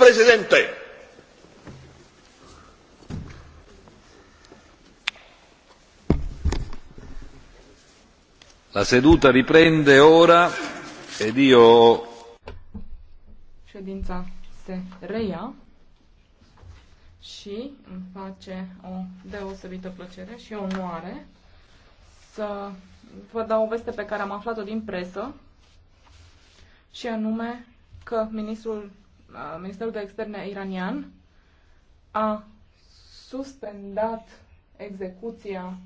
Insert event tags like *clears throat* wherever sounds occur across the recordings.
presidente. La seduta riprende ora ed io... Ședința se reia și îmi face o deosebită plăcere și onoare să vă dau o veste pe care am aflat-o din presă și anume că ministrul Ministerul de Externe iranian a suspendat execuția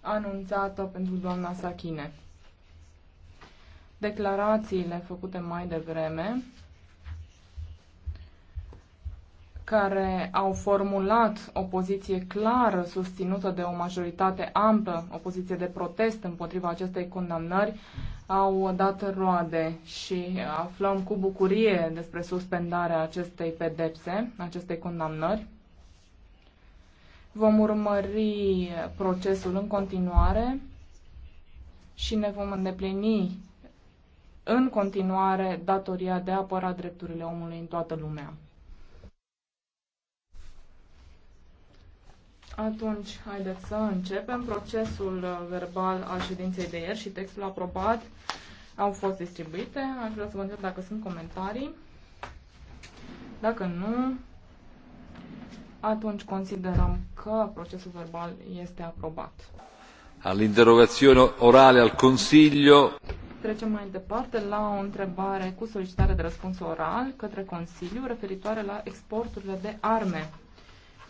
anunțată pentru doamna Sakine. Declarațiile făcute mai devreme care au formulat o poziție clară susținută de o majoritate amplă, o poziție de protest împotriva acestei condamnări, au dat roade și aflăm cu bucurie despre suspendarea acestei pedepse, acestei condamnări. Vom urmări procesul în continuare și ne vom îndeplini în continuare datoria de a apăra drepturile omului în toată lumea. Atunci, haideți să începem. Procesul uh, verbal al ședinței de ieri și textul aprobat au fost distribuite. Aș vrea să vă întreb dacă sunt comentarii. Dacă nu, atunci considerăm că procesul verbal este aprobat. All'interrogazione orale al Consiglio. Trecem mai departe la o întrebare cu solicitare de răspuns oral către Consiliu referitoare la exporturile de arme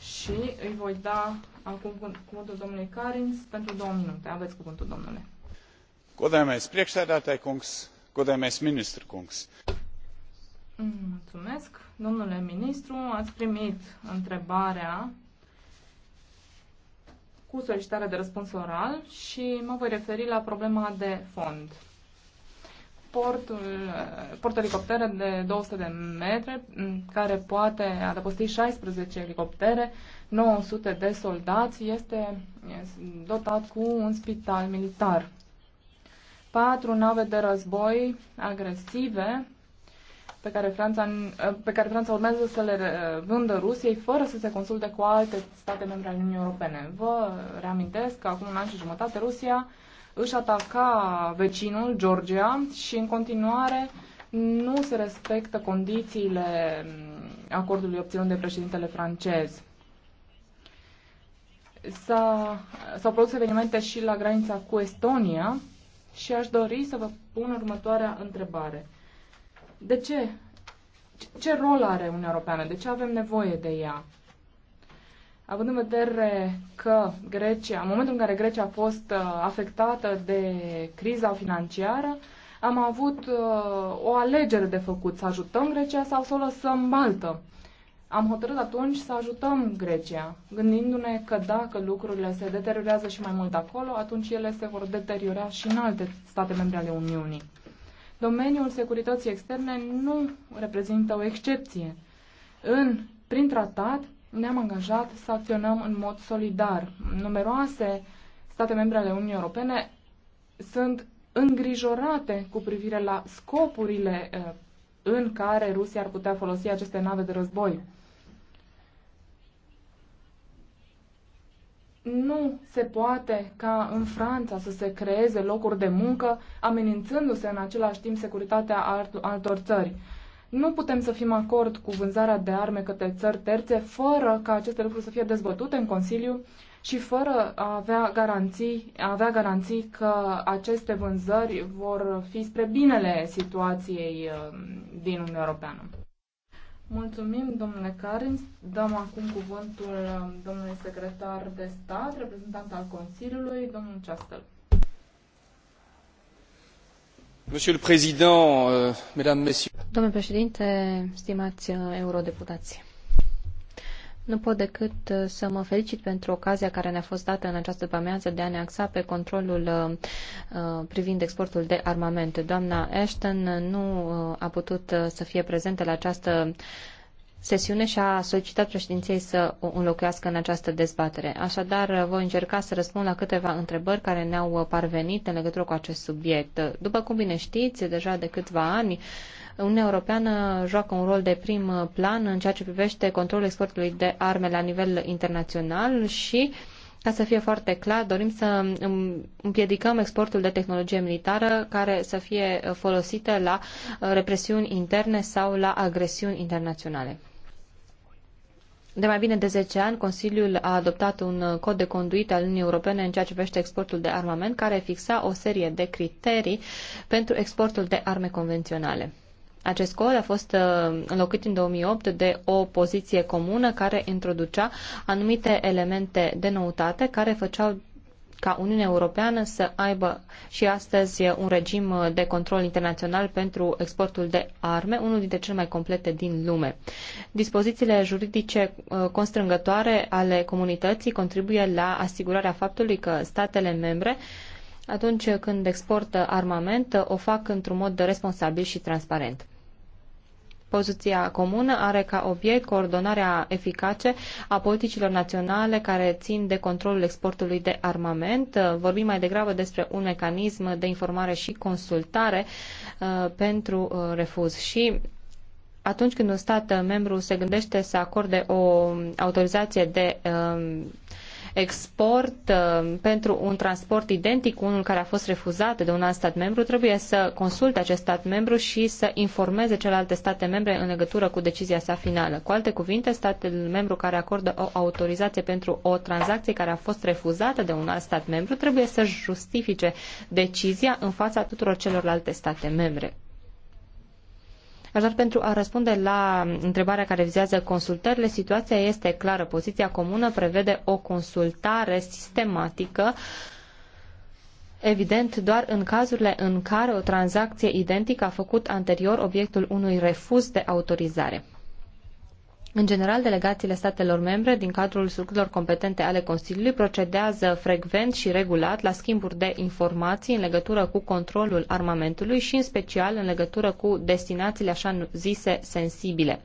și îi voi da acum cuvântul domnului Karins pentru două minute. Aveți cuvântul, domnule. Godemes, priekšsēdētāji kungs, godemes ministru kungs. Mm, mulțumesc. Domnule ministru, ați primit întrebarea cu solicitarea de răspuns oral și mă voi referi la problema de fond portul, portul elicoptere de 200 de metri, care poate adăposti 16 elicoptere, 900 de soldați, este, este dotat cu un spital militar. Patru nave de război agresive pe care, Franța, pe care Franța urmează să le vândă Rusiei fără să se consulte cu alte state membre ale Uniunii Europene. Vă reamintesc că acum un an și jumătate Rusia își ataca vecinul, Georgia, și în continuare nu se respectă condițiile mm, acordului obținut de președintele francez. S-au produs evenimente și la granița cu Estonia și aș dori să vă pun următoarea întrebare. De ce? Ce rol are Uniunea Europeană? De ce avem nevoie de ea? având în vedere că Grecia, în momentul în care Grecia a fost uh, afectată de criza financiară, am avut uh, o alegere de făcut, să ajutăm Grecia sau să o lăsăm Malta. Am hotărât atunci să ajutăm Grecia, gândindu-ne că dacă lucrurile se deteriorează și mai mult acolo, atunci ele se vor deteriora și în alte state membre ale Uniunii. Domeniul securității externe nu reprezintă o excepție. În, prin tratat, ne-am angajat să acționăm în mod solidar. Numeroase state membre ale Uniunii Europene sunt îngrijorate cu privire la scopurile eh, în care Rusia ar putea folosi aceste nave de război. Nu se poate ca în Franța să se creeze locuri de muncă, amenințându-se în același timp securitatea altor țări. Nu putem să fim acord cu vânzarea de arme către țări terțe fără ca aceste lucruri să fie dezbătute în Consiliu și fără a avea garanții, a avea garanții că aceste vânzări vor fi spre binele situației um, din Uniunea Europeană. Mulțumim, domnule Carin. Dăm acum cuvântul um, domnului secretar de stat, reprezentant al Consiliului, domnul Ceastel. Monsieur le Président, euh, Mesdames, Messieurs. Domnule președinte, stimați uh, eurodeputați, nu pot decât uh, să mă felicit pentru ocazia care ne-a fost dată în această pămează de a ne axa pe controlul uh, privind exportul de armament. Doamna Ashton nu a putut să fie prezentă la această sesiune și a solicitat președinției să o înlocuiască în această dezbatere. Așadar, voi încerca să răspund la câteva întrebări care ne-au parvenit în legătură cu acest subiect. După cum bine știți, deja de câțiva ani, uh, Uniunea Europeană joacă un rol de prim plan în ceea ce privește controlul exportului de arme la nivel internațional și ca să fie foarte clar, dorim să împiedicăm exportul de tehnologie militară care să fie folosită la uh, represiuni interne sau la agresiuni internaționale. De mai bine de 10 ani, Consiliul a adoptat un cod de conduită al Uniunii Europene în ceea ce privește exportul de armament, care fixa o serie de criterii pentru exportul de arme convenționale. Acest cod a fost uh, înlocuit în 2008 de o poziție comună care introducea anumite elemente de noutate care făceau ca Uniunea Europeană să aibă și astăzi un regim uh, de control internațional pentru exportul de arme, unul dintre cele mai complete din lume. Dispozițiile juridice uh, constrângătoare ale comunității contribuie la asigurarea faptului că statele membre atunci când exportă armament, o fac într-un mod responsabil și transparent. Poziția comună are ca obiect coordonarea eficace a politicilor naționale care țin de controlul exportului de armament. Vorbim mai degrabă despre un mecanism de informare și consultare uh, pentru uh, refuz. Și atunci când un stat membru se gândește să acorde o autorizație de uh, export uh, pentru un transport identic cu unul care a fost refuzat de un alt stat membru, trebuie să consulte acest stat membru și să informeze celelalte state membre în legătură cu decizia sa finală. Cu alte cuvinte, statul membru care acordă o autorizație pentru o tranzacție care a fost refuzată de un alt stat membru trebuie să justifice decizia în fața tuturor celorlalte state membre. Așadar, pentru a răspunde la întrebarea care vizează consultările, situația este clară. Poziția comună prevede o consultare sistematică Evident, doar în cazurile în care o tranzacție identică a făcut anterior obiectul unui refuz de autorizare. În general, delegațiile statelor membre, din cadrul structurilor competente ale Consiliului, procedează frecvent și regulat la schimburi de informații în legătură cu controlul armamentului și, în special, în legătură cu destinațiile așa zise sensibile.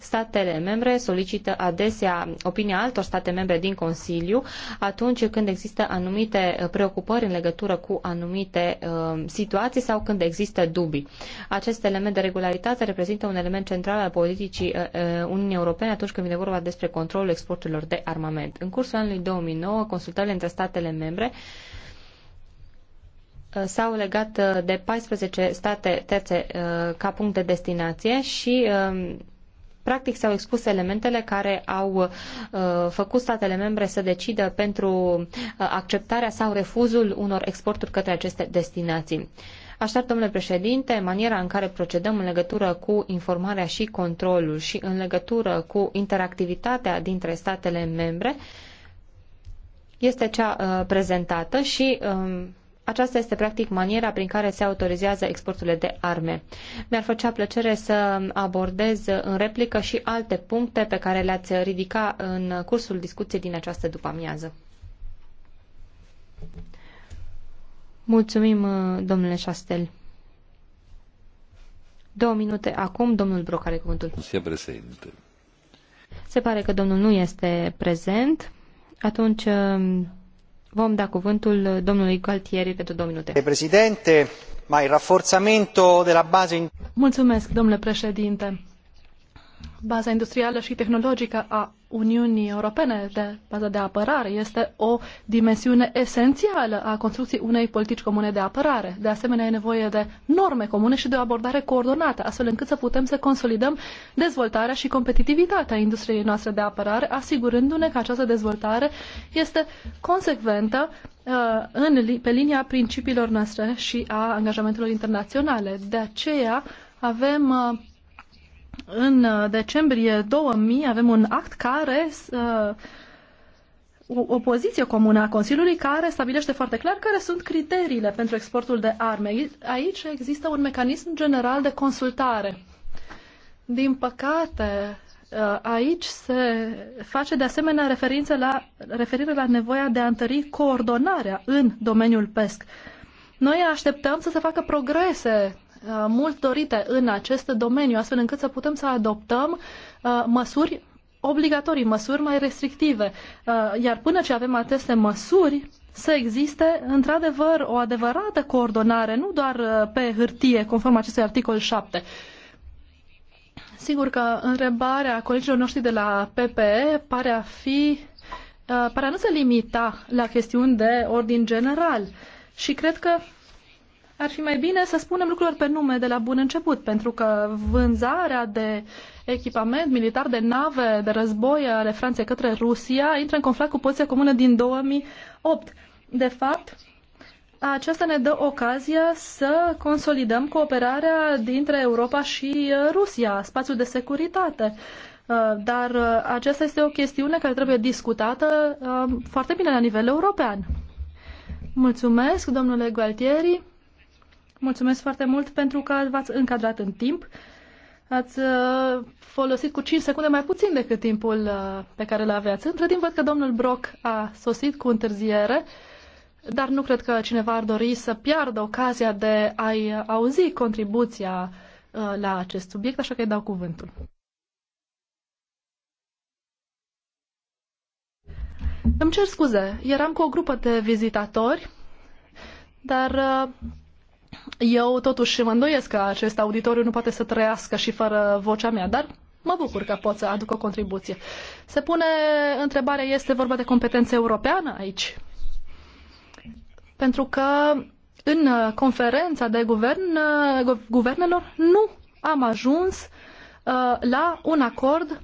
Statele membre solicită adesea opinia altor state membre din Consiliu atunci când există anumite preocupări în legătură cu anumite uh, situații sau când există dubii. Acest element de regularitate reprezintă un element central al politicii uh, uh Uniunii Europene atunci când vine vorba despre controlul exporturilor de armament. În cursul anului 2009, consultările între statele membre uh, s-au legat uh, de 14 state terțe uh, ca punct de destinație și Practic s-au expus elementele care au uh, făcut statele membre să decidă pentru uh, acceptarea sau refuzul unor exporturi către aceste destinații. Așadar, domnule președinte, maniera în care procedăm în legătură cu informarea și controlul și în legătură cu interactivitatea dintre statele membre este cea uh, prezentată și um, aceasta este practic maniera prin care se autorizează exporturile de arme. Mi-ar făcea plăcere să abordez în replică și alte puncte pe care le-ați ridica în cursul discuției din această după-amiază. Mulțumim, domnule Șastel. Două minute acum, domnul Broc are cuvântul. Se Se pare că domnul nu este prezent. Atunci Vom da cuvântul domnului Galtieri pentru două minute. Președinte, mai rafforzamento della base... Mulțumesc, domnule președinte baza industrială și tehnologică a Uniunii Europene de bază de apărare este o dimensiune esențială a construcției unei politici comune de apărare. De asemenea, e nevoie de norme comune și de o abordare coordonată, astfel încât să putem să consolidăm dezvoltarea și competitivitatea industriei noastre de apărare, asigurându-ne că această dezvoltare este consecventă uh, în, pe linia principiilor noastre și a angajamentelor internaționale. De aceea avem uh, în uh, decembrie 2000 avem un act care uh, o, o poziție comună a Consiliului care stabilește foarte clar care sunt criteriile pentru exportul de arme. Aici există un mecanism general de consultare. Din păcate, uh, aici se face de asemenea referință la, referire la nevoia de a întări coordonarea în domeniul PESC. Noi așteptăm să se facă progrese Uh, mult dorite în acest domeniu, astfel încât să putem să adoptăm uh, măsuri obligatorii, măsuri mai restrictive. Uh, iar până ce avem aceste măsuri, să existe într-adevăr o adevărată coordonare, nu doar pe hârtie, conform acestui articol 7. Sigur că întrebarea colegilor noștri de la PPE pare a fi pare a nu se limita la chestiuni de ordin general și cred că ar fi mai bine să spunem lucrurile pe nume de la bun început, pentru că vânzarea de echipament militar, de nave, de război ale Franței către Rusia intră în conflict cu poziția comună din 2008. De fapt, aceasta ne dă ocazia să consolidăm cooperarea dintre Europa și Rusia, spațiul de securitate. Dar aceasta este o chestiune care trebuie discutată um, foarte bine la nivel european. Mulțumesc, domnule Gualtieri. Mulțumesc foarte mult pentru că v-ați încadrat în timp. Ați uh, folosit cu 5 secunde mai puțin decât timpul uh, pe care îl aveați. Între timp văd că domnul Brock a sosit cu întârziere, dar nu cred că cineva ar dori să piardă ocazia de a-i auzi contribuția uh, la acest subiect, așa că îi dau cuvântul. Îmi cer scuze, eram cu o grupă de vizitatori, dar eu totuși mă îndoiesc că acest auditoriu nu poate să trăiască și fără vocea mea, dar mă bucur că pot să aduc o contribuție. Se pune întrebarea, este vorba de competență europeană aici? Pentru că în conferența de guvern, guvernelor nu am ajuns uh, la un acord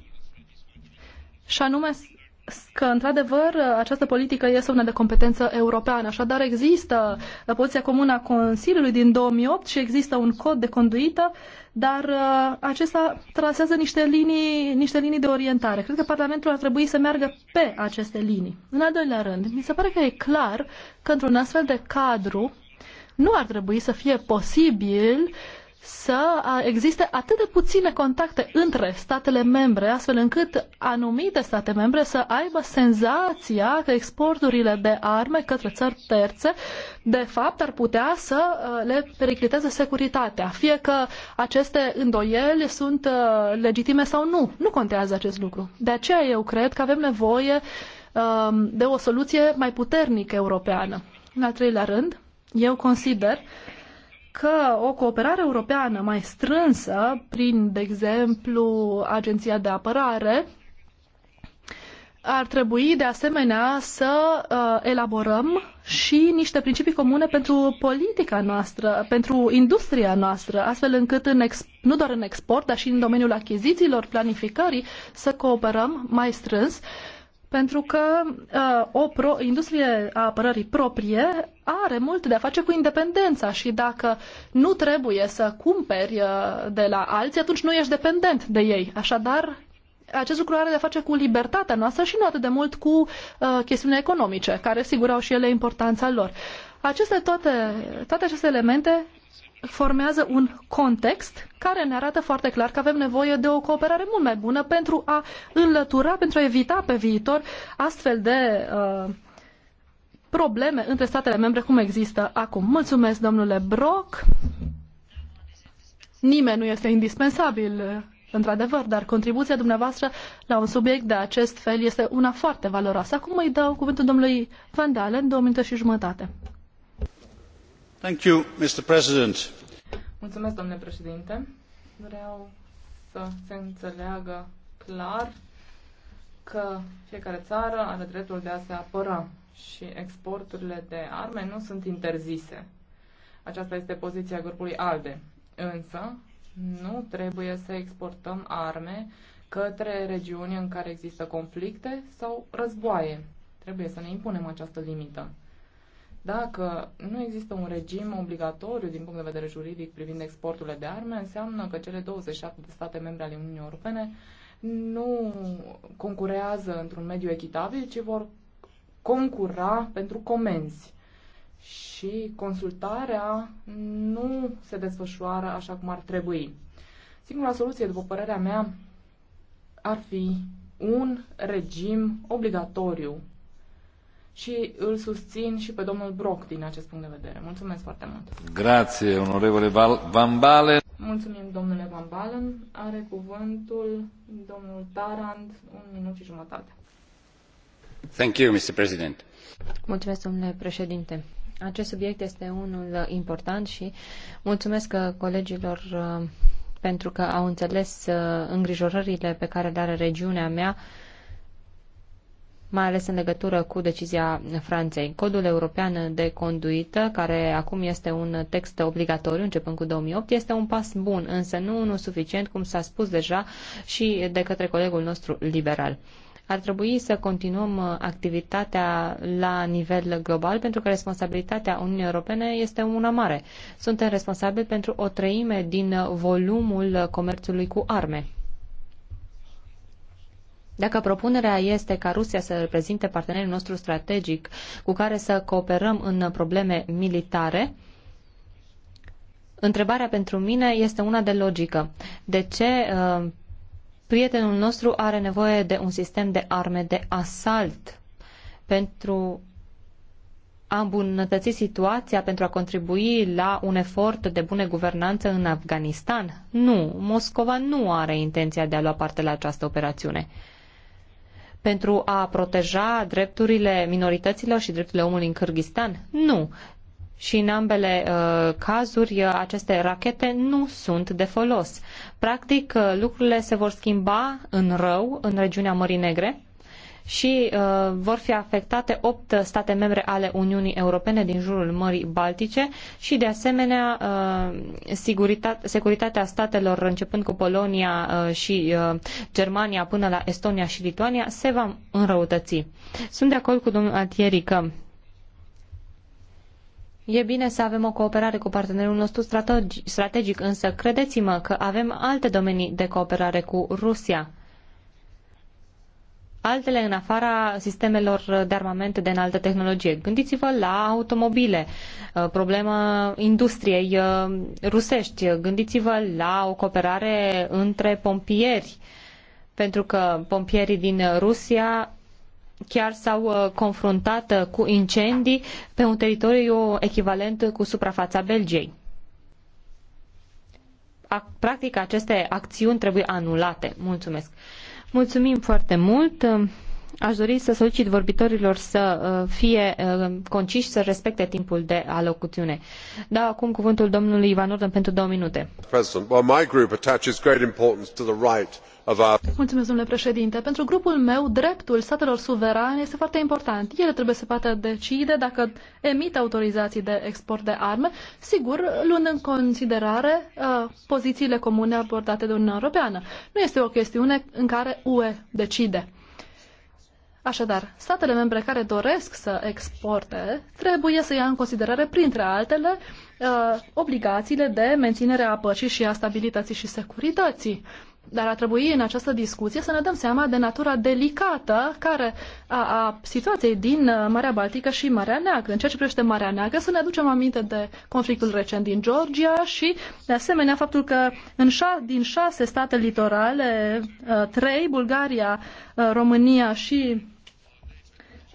și anume că, într-adevăr, această politică este una de competență europeană. Așadar, există poziția comună a Consiliului din 2008 și există un cod de conduită, dar uh, acesta trasează niște linii, niște linii de orientare. Cred că Parlamentul ar trebui să meargă pe aceste linii. În al doilea rând, mi se pare că e clar că într-un astfel de cadru nu ar trebui să fie posibil uh, să existe atât de puține contacte între statele membre, astfel încât anumite state membre să aibă senzația că exporturile de arme către țări terțe, de fapt, ar putea să le pericliteze securitatea. Fie că aceste îndoieli sunt legitime sau nu. Nu contează acest lucru. De aceea eu cred că avem nevoie de o soluție mai puternică europeană. În al treilea rând, eu consider că o cooperare europeană mai strânsă, prin, de exemplu, Agenția de Apărare, ar trebui de asemenea să uh, elaborăm și niște principii comune pentru politica noastră, pentru industria noastră, astfel încât în ex- nu doar în export, dar și în domeniul achizițiilor, planificării, să cooperăm mai strâns pentru că uh, o pro, industrie a apărării proprie are mult de a face cu independența și dacă nu trebuie să cumperi uh, de la alții, atunci nu ești dependent de ei. Așadar, acest lucru are de a face cu libertatea noastră și nu atât de mult cu uh, chestiunile economice, care sigur au și ele importanța lor. Aceste toate, toate aceste elemente formează un context care ne arată foarte clar că avem nevoie de o cooperare mult mai bună pentru a înlătura, pentru a evita pe viitor astfel de uh, probleme între statele membre cum există acum. Mulțumesc, domnule Brock. Nimeni nu este indispensabil, într-adevăr, dar contribuția dumneavoastră la un subiect de acest fel este una foarte valoroasă. Acum îi dau cuvântul domnului Van Dalen, două minute și jumătate. Mulțumesc, domnule președinte. Vreau să se înțeleagă clar că fiecare țară are dreptul de a se apăra și exporturile de arme nu sunt interzise. Aceasta este poziția grupului ALDE. Însă, nu trebuie să exportăm arme către regiuni în care există conflicte sau războaie. Trebuie să ne impunem această limită. Dacă nu există un regim obligatoriu din punct de vedere juridic privind exporturile de arme, înseamnă că cele 27 de state membre ale Uniunii Europene nu concurează într-un mediu echitabil, ci vor concura pentru comenzi. Și consultarea nu se desfășoară așa cum ar trebui. Singura soluție, după părerea mea, ar fi un regim obligatoriu și îl susțin și pe domnul Broc din acest punct de vedere. Mulțumesc foarte mult. Grație, onorevole Van Balen. Mulțumim, domnule Van Balen. Are cuvântul domnul Tarand, un minut și jumătate. Thank you, Mr. President. Mulțumesc, domnule președinte. Acest subiect este unul important și mulțumesc uh, colegilor uh, pentru că au înțeles uh, îngrijorările pe care le are regiunea mea mai ales în legătură cu decizia Franței. Codul european de conduită, care acum este un text obligatoriu începând cu 2008, este un pas bun, însă nu unul suficient, cum s-a spus deja și de către colegul nostru liberal ar trebui să continuăm activitatea la nivel global, pentru că responsabilitatea Uniunii Europene este una mare. Suntem responsabili pentru o treime din volumul comerțului cu arme. Dacă propunerea este ca Rusia să reprezinte partenerul nostru strategic cu care să cooperăm în probleme militare, întrebarea pentru mine este una de logică. De ce uh, prietenul nostru are nevoie de un sistem de arme de asalt pentru a îmbunătăți situația pentru a contribui la un efort de bună guvernanță în Afganistan? Nu, Moscova nu are intenția de a lua parte la această operațiune pentru a proteja drepturile minorităților și drepturile omului în Kyrgyzstan? Nu. Și în ambele uh, cazuri, uh, aceste rachete nu sunt de folos. Practic, uh, lucrurile se vor schimba în rău în regiunea Mării Negre și uh, vor fi afectate opt state membre ale Uniunii Europene din jurul Mării Baltice și, de asemenea, uh, securitatea statelor începând cu Polonia uh, și uh, Germania până la Estonia și Lituania se va înrăutăți. Sunt de acord cu domnul Atieri că E bine să avem o cooperare cu partenerul nostru strategic, însă credeți-mă că avem alte domenii de cooperare cu Rusia altele în afara sistemelor de armament de înaltă tehnologie. Gândiți-vă la automobile, uh, problema industriei uh, rusești, gândiți-vă la o cooperare între pompieri, pentru că pompierii din Rusia chiar s-au uh, confruntat cu incendii pe un teritoriu echivalent cu suprafața Belgiei. Practic, aceste acțiuni trebuie anulate. Mulțumesc. Mulțumim foarte mult! Aș dori să solicit vorbitorilor să uh, fie uh, conciși, să respecte timpul de alocuțiune. Da, acum cuvântul domnului Ivan Orden pentru două minute. Mulțumesc, domnule președinte. Pentru grupul meu, dreptul statelor suverane este foarte important. Ele trebuie să poată decide dacă emit autorizații de export de arme, sigur, luând în considerare uh, pozițiile comune abordate de Uniunea Europeană. Nu este o chestiune în care UE decide. Așadar, statele membre care doresc să exporte trebuie să ia în considerare, printre altele, uh, obligațiile de menținere a păcii și a stabilității și securității. Dar ar trebui în această discuție să ne dăm seama de natura delicată care a, a situației din uh, Marea Baltică și Marea Neagră. În ceea ce privește Marea Neagră, să ne aducem aminte de conflictul recent din Georgia și, de asemenea, faptul că în șa, din șase state litorale, uh, trei, Bulgaria, România și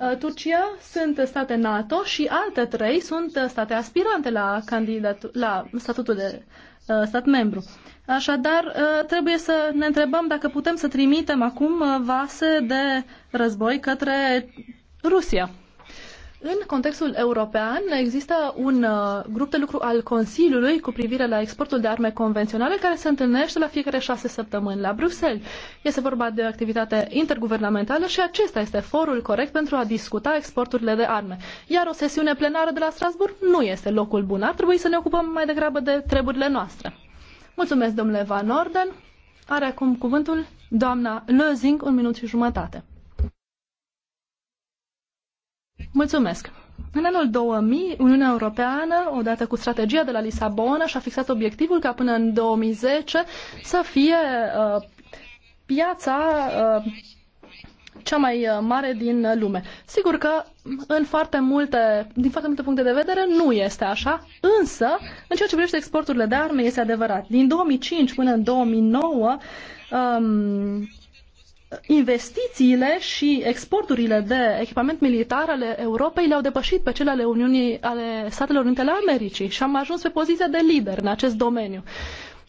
Uh, Turcia sunt state NATO și alte trei sunt state aspirante la, candidat, la statutul de uh, stat membru. Așadar, uh, trebuie să ne întrebăm dacă putem să trimitem acum vase de război către Rusia. În contextul european există un uh, grup de lucru al Consiliului cu privire la exportul de arme convenționale care se întâlnește la fiecare șase săptămâni la Bruxelles. Este vorba de o activitate interguvernamentală și acesta este forul corect pentru a discuta exporturile de arme. Iar o sesiune plenară de la Strasburg nu este locul bun. Ar trebui să ne ocupăm mai degrabă de treburile noastre. Mulțumesc, domnule Van Orden. Are acum cuvântul doamna Lözing, un minut și jumătate. Mulțumesc. În anul 2000, Uniunea Europeană, odată cu strategia de la Lisabona, și-a fixat obiectivul ca până în 2010 să fie uh, piața uh, cea mai uh, mare din lume. Sigur că în foarte multe, din foarte multe puncte de vedere nu este așa, însă în ceea ce privește exporturile de arme este adevărat. Din 2005 până în 2009 um, investițiile și exporturile de echipament militar ale Europei le-au depășit pe cele ale Uniunii, ale Statelor Unite ale Americii și am ajuns pe poziția de lider în acest domeniu.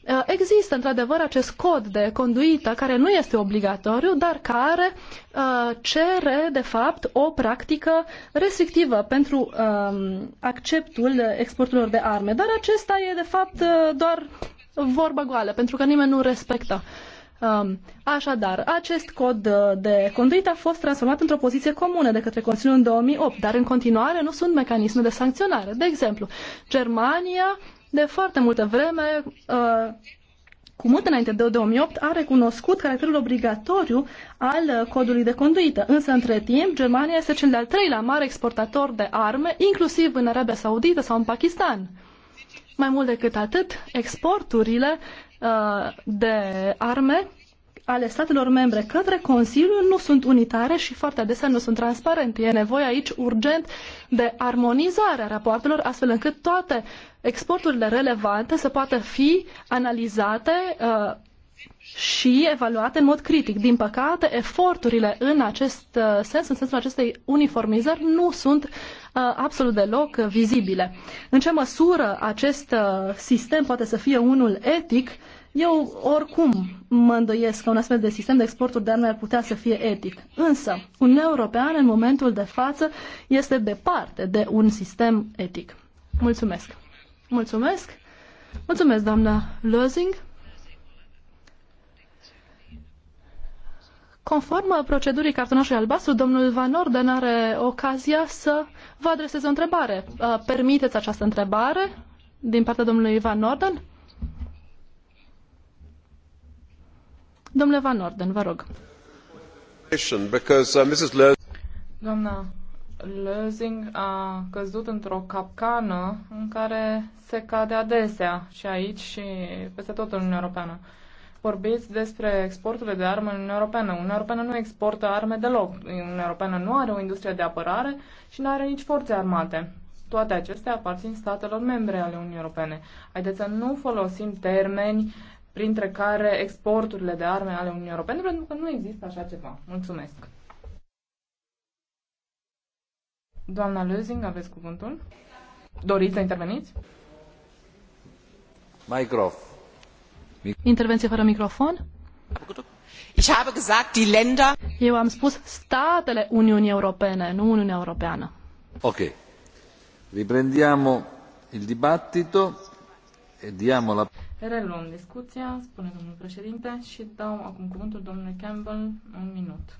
Uh, există într-adevăr acest cod de conduită care nu este obligatoriu, dar care uh, cere de fapt o practică restrictivă pentru uh, acceptul exporturilor de arme. Dar acesta e de fapt uh, doar vorba goală, pentru că nimeni nu respectă. Uh, Um, așadar, acest cod de conduită a fost transformat într-o poziție comună de către Consiliul în 2008, dar în continuare nu sunt mecanisme de sancționare. De exemplu, Germania de foarte multă vreme, uh, cu mult înainte de 2008, a recunoscut caracterul obligatoriu al codului de conduită. Însă, între timp, Germania este cel de-al treilea mare exportator de arme, inclusiv în Arabia Saudită sau în Pakistan. Mai mult decât atât, exporturile Uh, de arme ale statelor membre către Consiliu nu sunt unitare și foarte adesea nu sunt transparente. E nevoie aici urgent de armonizarea rapoartelor astfel încât toate exporturile relevante să poată fi analizate uh, și evaluate în mod critic. Din păcate, eforturile în acest uh, sens, în sensul acestei uniformizări, nu sunt uh, absolut deloc vizibile. În ce măsură acest uh, sistem poate să fie unul etic, eu oricum mă îndoiesc că un astfel de sistem de exporturi de arme ar putea să fie etic. Însă, Uniunea Europeană în momentul de față este departe de un sistem etic. Mulțumesc! Mulțumesc! Mulțumesc, doamna Lozing! Conform procedurii cartonașului albastru, domnul Van Orden are ocazia să vă adreseze o întrebare. Uh, permiteți această întrebare din partea domnului Van Orden? Domnule Van Orden, vă rog. Uh, Doamna Lözing a căzut într-o capcană în care se cade adesea și aici și peste tot în Uniunea Europeană vorbiți despre exporturile de arme în Uniunea Europeană. Uniunea Europeană nu exportă arme deloc. Uniunea Europeană nu are o industrie de apărare și nu are nici forțe armate. Toate acestea aparțin statelor membre ale Uniunii Europene. Haideți să nu folosim termeni printre care exporturile de arme ale Uniunii Europene, pentru că nu există așa ceva. Mulțumesc. Doamna Lözing, aveți cuvântul? Doriți să interveniți? Microfon. Intervenție fără microfon. Eu am spus statele Uniunii Europene, nu Uniunea Europeană. Ok. Riprendiamo il dibattito e diamo la... Reluăm discuția, spune domnul președinte, și dau acum cuvântul domnului Campbell un minut.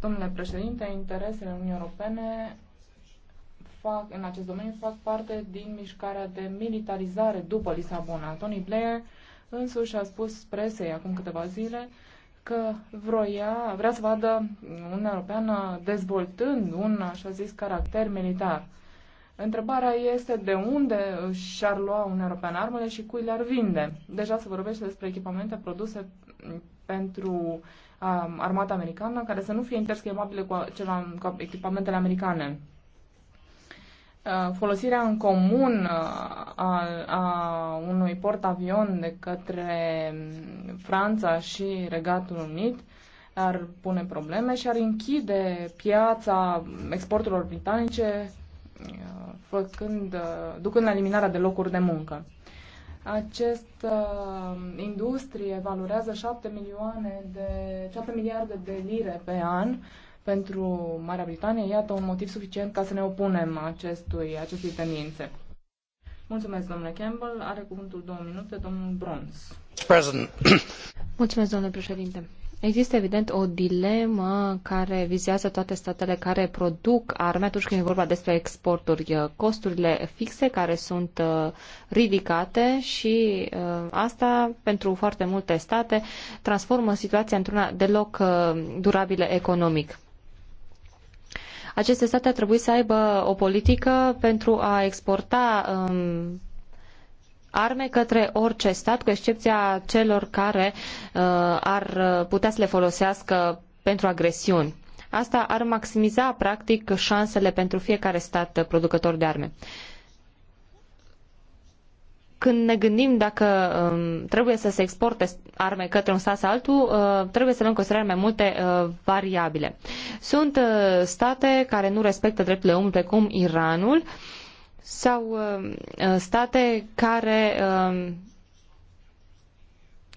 Domnule președinte, interesele Uniunii Europene fac, în acest domeniu fac parte din mișcarea de militarizare după Lisabona. Tony Blair însuși a spus presei acum câteva zile că vroia, vrea să vadă Uniunea Europeană dezvoltând un, așa zis, caracter militar. Întrebarea este de unde și-ar lua Uniunea Europeană armele și cui le-ar vinde. Deja se vorbește despre echipamente produse pentru um, armata americană, care să nu fie interschemabile cu, cu echipamentele americane. Uh, folosirea în comun uh, a, a unui portavion de către Franța și Regatul Unit ar pune probleme și ar închide piața exporturilor britanice uh, făcând, ducând la eliminarea de locuri de muncă. Această uh, industrie valorează 7 milioane de 7 miliarde de lire pe an pentru Marea Britanie, iată un motiv suficient ca să ne opunem acestui, acestei tendințe. Mulțumesc, domnule Campbell. Are cuvântul două minute, domnul Bruns. President. *clears throat* Mulțumesc, domnule președinte. Există evident o dilemă care vizează toate statele care produc arme atunci când e vorba despre exporturi, costurile fixe care sunt uh, ridicate și uh, asta pentru foarte multe state transformă situația într-una deloc uh, durabilă economic. Aceste state ar trebui să aibă o politică pentru a exporta um, arme către orice stat, cu excepția celor care uh, ar putea să le folosească pentru agresiuni. Asta ar maximiza, practic, șansele pentru fiecare stat producător de arme. Uh, când ne gândim dacă um, trebuie să se exporte arme către un stat sau altul, uh, trebuie să luăm în considerare mai multe uh, variabile. Sunt uh, state care nu respectă drepturile omului, precum Iranul, sau state care um,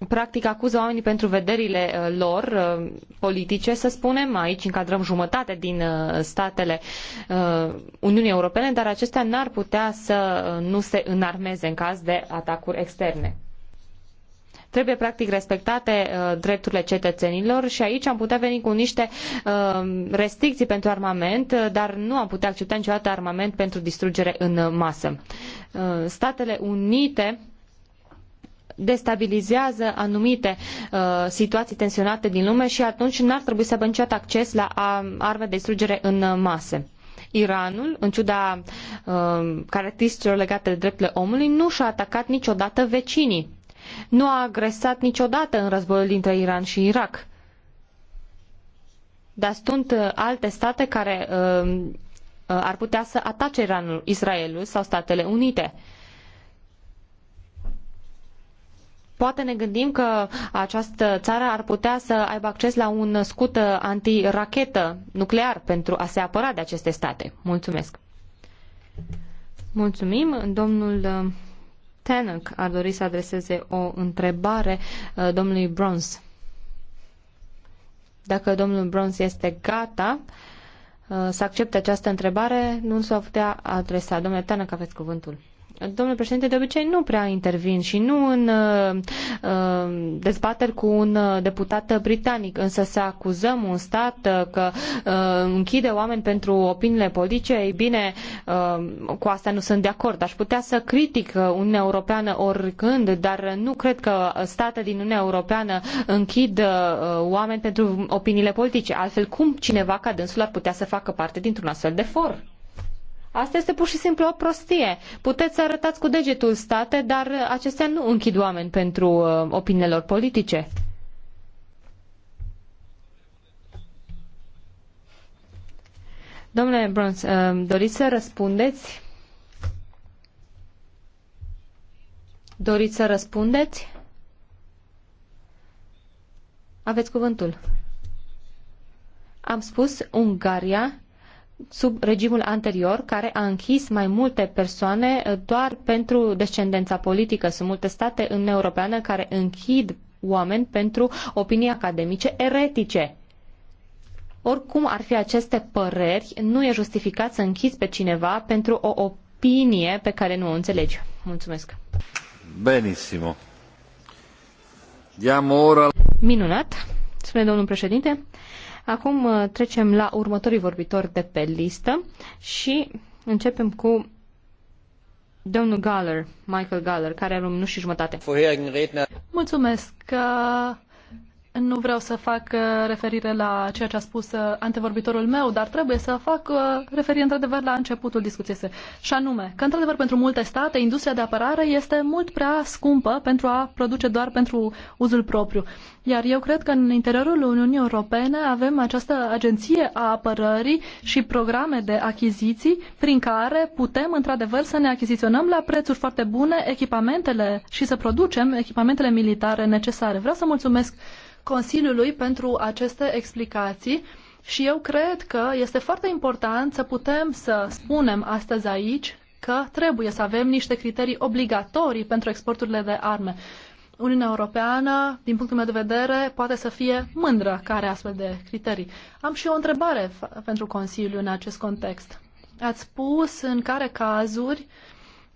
practic acuză oamenii pentru vederile uh, lor uh, politice, să spunem, aici încadrăm jumătate din uh, statele Uniunii Europene, dar acestea n-ar putea să nu se înarmeze în caz de atacuri externe. Trebuie practic respectate drepturile cetățenilor și aici am putea veni cu niște restricții pentru armament, dar nu am putea accepta niciodată armament pentru distrugere în masă. Statele Unite destabilizează anumite uh, situații tensionate din lume și atunci n-ar trebui să aibă niciodată acces la arme de distrugere în masă. Iranul, în ciuda uh, caracteristicilor legate de drepturile omului, nu și-a atacat niciodată vecinii. Nu a agresat niciodată în războiul dintre Iran și Irak. Dar sunt uh, alte state care uh, uh ar putea să atace Iranul, Israelul sau Statele Unite. Uh, Poate ne gândim că această țară ar putea să aibă acces la un scut uh, antirachetă nuclear pentru a se apăra de aceste state. Mulțumesc! Mulțumim. Domnul uh, Tannock ar dori să adreseze o întrebare uh, domnului Bronze. Dacă domnul Bronze este gata să accepte această întrebare, nu s-o putea adresa. Domnule Tannock, aveți cuvântul. Domnule președinte, de obicei nu prea intervin și nu în uh, uh dezbateri cu un uh, deputat britanic, însă să acuzăm un stat uh, că uh, închide oameni pentru opiniile politice, ei bine, uh, cu asta nu sunt de acord. Aș putea să critic Uniunea Europeană oricând, dar nu cred că state din Uniunea Europeană închid uh, oameni pentru opiniile politice. Altfel, cum cineva ca dânsul ar putea să facă parte dintr-un astfel de for? Asta este pur și simplu o prostie. Puteți să arătați cu degetul state, dar acestea nu închid oameni pentru uh, opiniile lor politice. Domnule Bruns, uh, doriți să răspundeți? Doriți să răspundeți? Aveți cuvântul. Am spus Ungaria sub regimul anterior, care a închis mai multe persoane uh, doar pentru descendența politică. Sunt multe state în Europeană care închid oameni pentru opinii academice eretice. Oricum ar fi aceste păreri, nu e justificat să închizi pe cineva pentru o opinie pe care nu o înțelegi. Mulțumesc. Benissimo. Diamo ora... Minunat, spune domnul președinte. Acum uh, trecem la următorii vorbitori de pe listă și începem cu domnul Galler, Michael Galler, care are un minut și jumătate. Mulțumesc! Uh, nu vreau să fac uh, referire la ceea ce a spus uh, antevorbitorul meu, dar trebuie să fac uh, referire într-adevăr la începutul discuției. Și anume, că într-adevăr pentru multe state industria de apărare este mult prea scumpă pentru a produce doar pentru uzul propriu. Iar eu cred că în interiorul Uniunii Europene avem această agenție a apărării și programe de achiziții prin care putem într-adevăr să ne achiziționăm la prețuri foarte bune echipamentele și să producem echipamentele militare necesare. Vreau să mulțumesc Consiliului pentru aceste explicații și eu cred că este foarte important să putem să spunem astăzi aici că trebuie să avem niște criterii obligatorii pentru exporturile de arme. Uniunea Europeană, din punctul meu de vedere, poate să fie mândră care astfel de criterii. Am și o întrebare pentru Consiliu în acest context. Ați spus în care cazuri uh,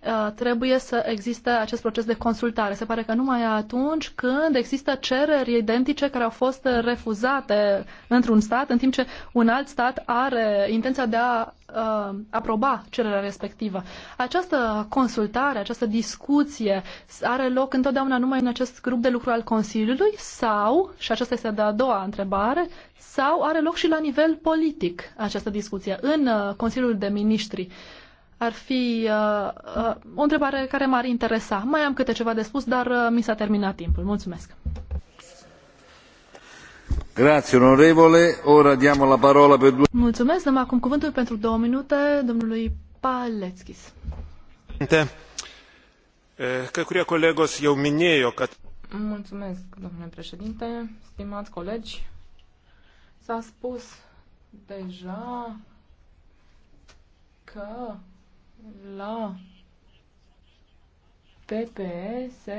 Uh, trebuie să existe acest proces de consultare. Se pare că numai atunci când există cereri identice care au fost refuzate într-un stat, în timp ce un alt stat are intenția de a uh, aproba cererea respectivă. Această consultare, această discuție are loc întotdeauna numai în acest grup de lucru al Consiliului sau, și aceasta este de-a doua întrebare, sau are loc și la nivel politic această discuție în uh, Consiliul de Ministri. Uh, ar fi uh, uh, o întrebare care m-ar interesa. Mai am câte ceva de spus, dar uh, mi s-a terminat timpul. Mulțumesc. Grazie, onorevole. Ora diamo la parola per due... Mulțumesc. Dăm acum cuvântul pentru două minute domnului Paleckis. Kai kurie kolegos jau minėjo, Mulțumesc, domnule președinte, stimați colegi. S-a spus deja că la PPE se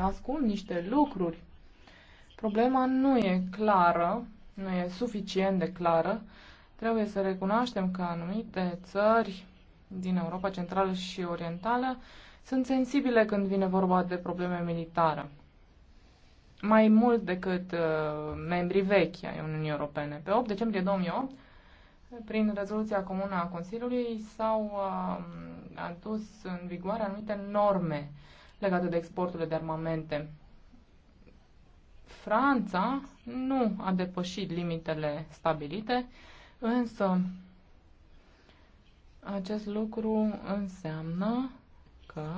ascund niște lucruri. Problema nu e clară, nu e suficient de clară. Trebuie să recunoaștem că anumite țări din Europa Centrală și Orientală sunt sensibile când vine vorba de probleme militare. Mai mult decât uh, membrii vechi ai Uniunii Europene. Pe 8 decembrie 2008, prin rezoluția comună a Consiliului s-au um, adus în vigoare anumite norme legate de exporturile de armamente. Franța nu a depășit limitele stabilite, însă acest lucru înseamnă că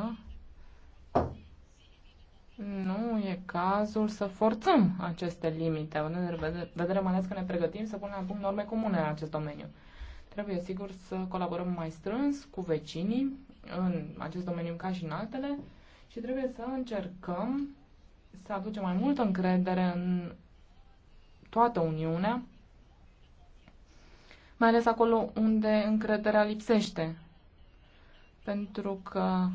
nu e cazul să forțăm aceste limite, având în vedere mai ales că ne pregătim să punem la punct norme comune în acest domeniu. Trebuie, sigur, să colaborăm mai strâns cu vecinii în acest domeniu ca și în altele și trebuie să încercăm să aducem mai multă încredere în toată Uniunea, mai ales acolo unde încrederea lipsește. Pentru că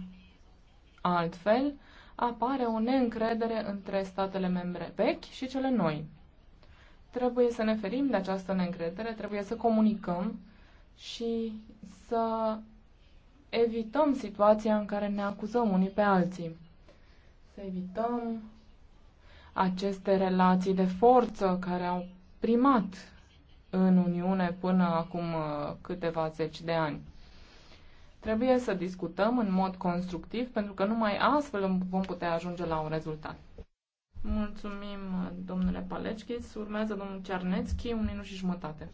altfel, apare o neîncredere între statele membre vechi și cele noi. Trebuie să ne ferim de această neîncredere, trebuie să comunicăm și să evităm situația în care ne acuzăm unii pe alții. Să evităm aceste relații de forță care au primat în Uniune până acum uh, câteva zeci de ani. Trebuie să discutăm în mod constructiv, pentru că numai astfel vom putea ajunge la un rezultat. Mulțumim, domnule Paleczkis. Urmează domnul Cearnețchi, un minut și jumătate.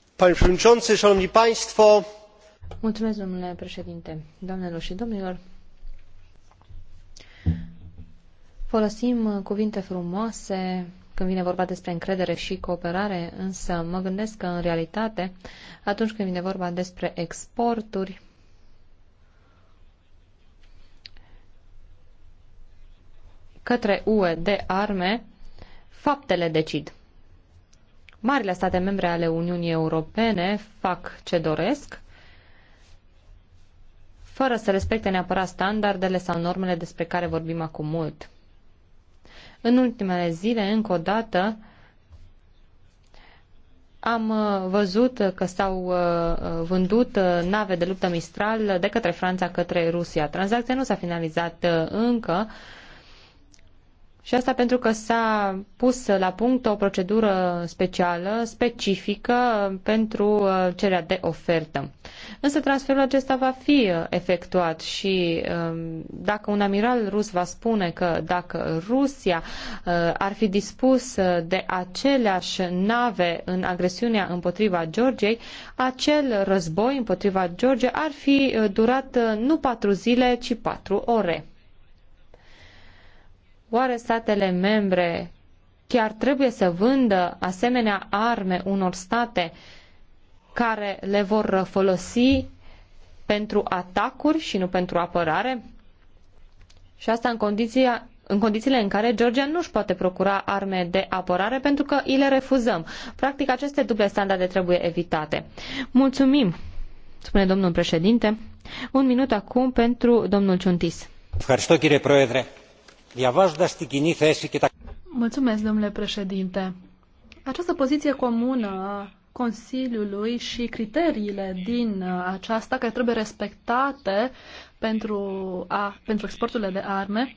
Mulțumesc, domnule președinte, doamnelor și domnilor. Folosim cuvinte frumoase când vine vorba despre încredere și cooperare, însă mă gândesc că, în realitate, atunci când vine vorba despre exporturi, către UE de arme, faptele decid. Marile state membre ale Uniunii Europene fac ce doresc, fără să respecte neapărat standardele sau normele despre care vorbim acum mult. În ultimele zile, încă o dată, am uh, văzut că s-au uh, uh, vândut nave de luptă Mistral de către Franța către Rusia. Tranzacția nu s-a finalizat încă, și asta pentru că s-a pus la punct o procedură specială, specifică pentru uh, cererea de ofertă. Însă transferul acesta va fi uh, efectuat și um, dacă un amiral rus va spune că dacă Rusia uh, ar fi dispus de aceleași nave în agresiunea împotriva Georgiei, acel război împotriva Georgiei ar fi durat nu patru zile, ci patru ore. Oare statele membre chiar trebuie să vândă asemenea arme unor state care le vor folosi pentru atacuri și nu pentru apărare? Și asta în, condiția, în condițiile în care Georgia nu își poate procura arme de apărare pentru că îi le refuzăm. Practic, aceste duble standarde trebuie evitate. Mulțumim, spune domnul președinte. Un minut acum pentru domnul Ciuntis. Ευχαριστώ Mulțumesc, domnule președinte. Această poziție comună a Consiliului și criteriile din uh, aceasta care trebuie respectate pentru, a, pentru exporturile de arme,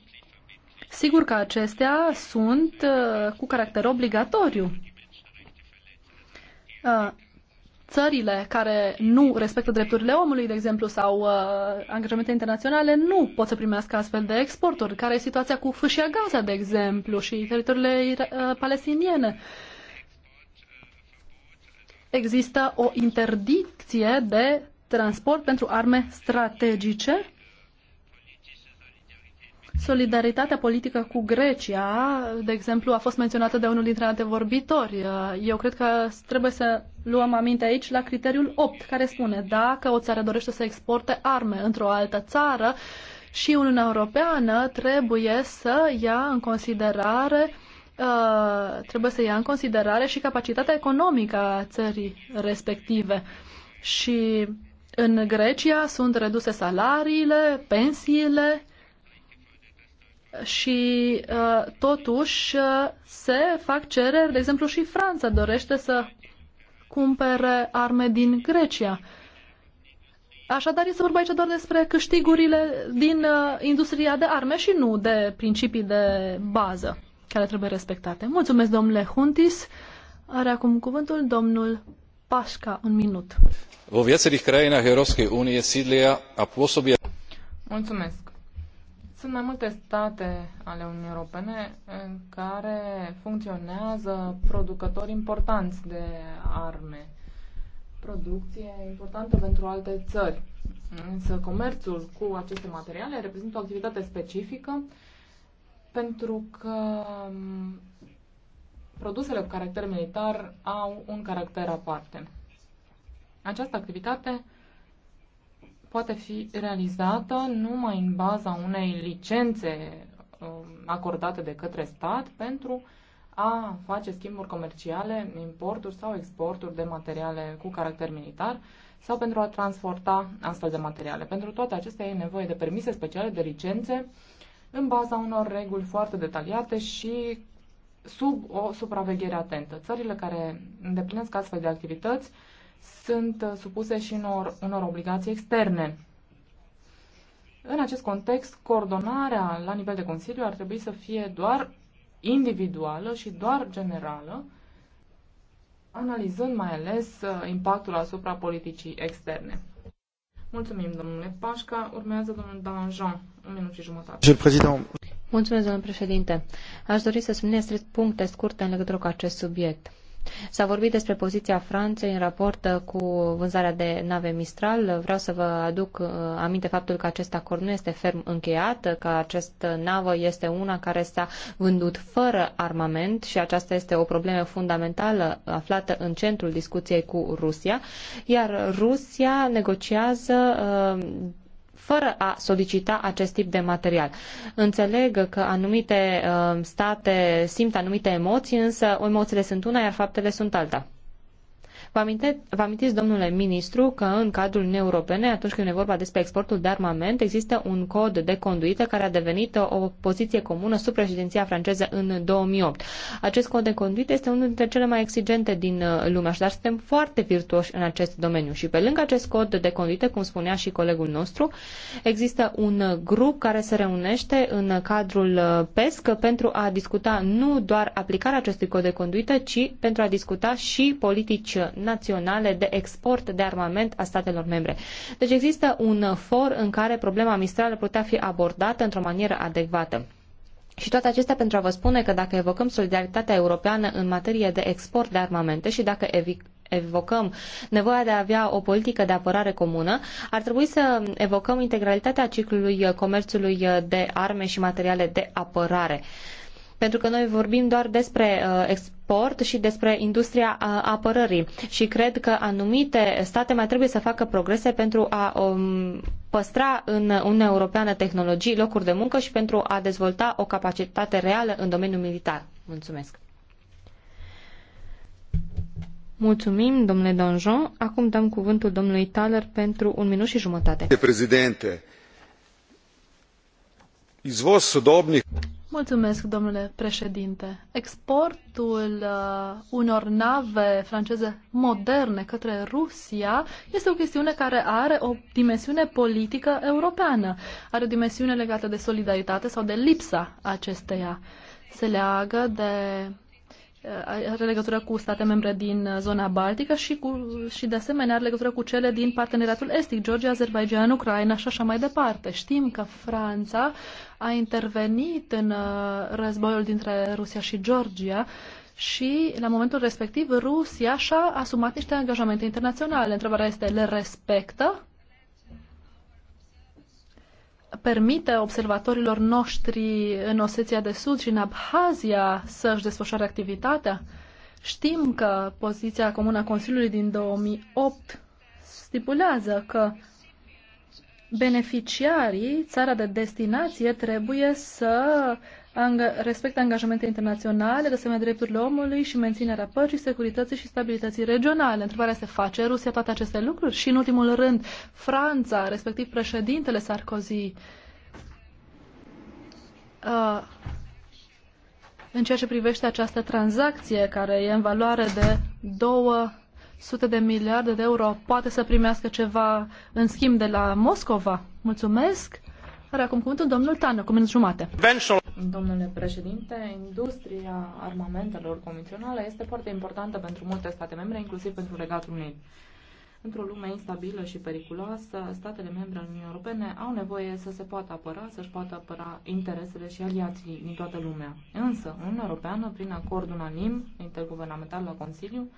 sigur că acestea sunt uh, cu caracter obligatoriu. Uh, țările care nu respectă drepturile omului, de exemplu, sau uh, angajamente internaționale, nu pot să primească astfel de exporturi. Care e situația cu fâșia Gaza, de exemplu, și teritoriile uh, palestiniene? Există o interdicție de transport pentru arme strategice Solidaritatea politică cu Grecia, de exemplu, a fost menționată de unul dintre antevorbitori. Eu cred că trebuie să luăm aminte aici la criteriul 8, care spune dacă o țară dorește să exporte arme într-o altă țară și Uniunea Europeană trebuie să ia în considerare uh, trebuie să ia în considerare și capacitatea economică a țării respective. Și în Grecia sunt reduse salariile, pensiile, și uh, totuși uh, se fac cereri, de exemplu și Franța dorește să cumpere arme din Grecia. Așadar, este vorba aici doar despre câștigurile din uh, industria de arme și nu de principii de bază care trebuie respectate. Mulțumesc, domnule Huntis. Are acum cuvântul domnul Pașca, un minut. Vo viacerých krajinách Európskej únie sídlia a Mulțumesc. Sunt mai multe state ale Uniunii Europene în care funcționează producători importanți de arme. Producție importantă pentru alte țări. Însă comerțul cu aceste materiale reprezintă o activitate specifică pentru că produsele cu caracter militar au un caracter aparte. Această activitate poate fi realizată numai în baza unei licențe um, acordate de către stat pentru a face schimburi comerciale, importuri sau exporturi de materiale cu caracter militar sau pentru a transporta astfel de materiale. Pentru toate acestea e nevoie de permise speciale, de licențe, în baza unor reguli foarte detaliate și sub o supraveghere atentă. Țările care îndeplinesc astfel de activități sunt uh, supuse și unor, unor obligații externe. În acest context, coordonarea la nivel de Consiliu ar trebui să fie doar individuală și doar generală, analizând mai ales uh, impactul asupra politicii externe. Mulțumim, domnule Pașca. Urmează domnul Danjean, un minut și jumătate. Mulțumesc, domnule președinte. Aș dori să subliniez trei puncte scurte în legătură cu acest subiect. S-a vorbit despre poziția Franței în raport uh, cu vânzarea de nave Mistral. Vreau să vă aduc uh, aminte faptul că acest acord nu este ferm încheiat, că această navă este una care s-a vândut fără armament și aceasta este o problemă fundamentală aflată în centrul discuției cu Rusia, iar Rusia negociază uh, fără a solicita acest tip de material. Înțeleg că anumite uh, state simt anumite emoții, însă emoțiile sunt una, iar faptele sunt alta. Vă, aminte, vă amintiți, domnule ministru, că în cadrul Uniunii Europene, atunci când e vorba despre exportul de armament, există un cod de conduită care a devenit o poziție comună sub președinția franceză în 2008. Acest cod de conduită este unul dintre cele mai exigente din uh, lume, dar suntem foarte virtuoși în acest domeniu. Și pe lângă acest cod de conduită, cum spunea și colegul nostru, există un uh, grup care se reunește în cadrul uh, PESC pentru a discuta nu doar aplicarea acestui cod de conduită, ci pentru a discuta și politici naționale de export de armament a statelor membre. Deci există un for în care problema Mistral putea fi abordată într-o manieră adecvată. Și toate acestea pentru a vă spune că dacă evocăm solidaritatea europeană în materie de export de armamente și dacă evocăm nevoia de a avea o politică de apărare comună, ar trebui să evocăm integralitatea ciclului comerțului de arme și materiale de apărare. Uh, pentru că noi vorbim doar despre uh, export și despre industria uh, apărării și cred că anumite state mai trebuie să facă progrese pentru a um, păstra în Uniunea Europeană tehnologii, locuri de muncă și pentru a dezvolta o capacitate reală în domeniul militar. Mulțumesc! Mulțumim, domnule Donjon. Acum dăm cuvântul domnului Thaler pentru un minut și jumătate. Președinte, izvoz sodobnih Mulțumesc, domnule președinte. Exportul uh, unor nave franceze moderne către Rusia este o chestiune care are o dimensiune politică europeană. Are o dimensiune legată de solidaritate sau de lipsa acesteia. Se leagă de uh, are legătură cu state membre din zona baltică și, cu, și de asemenea are legătură cu cele din parteneriatul estic, Georgia, Azerbaijan, Ucraina și așa mai departe. Știm că Franța a intervenit în uh, războiul dintre Rusia și Georgia și la momentul respectiv Rusia și-a asumat niște angajamente internaționale. Întrebarea este, le respectă? Permite observatorilor noștri în Oseția de Sud și în Abhazia să-și desfășoare activitatea? Știm că poziția comună a Consiliului din 2008 stipulează că beneficiarii, țara de destinație, trebuie să respecte angajamente internaționale, de asemenea drepturile omului și menținerea păcii, securității și stabilității regionale. Întrebarea se face Rusia toate aceste lucruri și, în ultimul rând, Franța, respectiv președintele Sarkozy. Uh, în ceea ce privește această tranzacție care e în valoare de 2 sute de miliarde de euro poate să primească ceva în schimb de la Moscova. Mulțumesc! Are acum cuvântul domnul Tană, cu minut jumate. Domnule președinte, industria armamentelor convenționale este foarte importantă pentru multe state membre, inclusiv pentru Regatul Unit. Într-o lume instabilă și periculoasă, statele membre ale Uniunii Europene au nevoie să se poată apăra, să-și poată apăra interesele și aliații din toată lumea. Însă, Uniunea Europeană, prin acord unanim interguvernamental la Consiliu,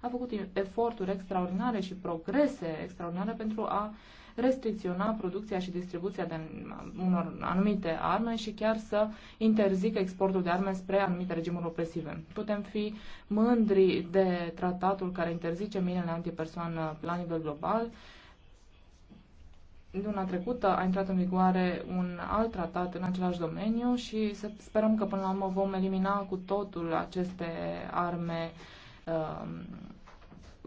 a făcut eforturi extraordinare și progrese extraordinare pentru a restricționa producția și distribuția de unor anumite arme și chiar să interzică exportul de arme spre anumite regimuri opresive. Putem fi mândri de tratatul care interzice minele antipersoană la nivel global. Luna trecută a intrat în vigoare un alt tratat în același domeniu și sperăm că până la urmă vom elimina cu totul aceste arme uh,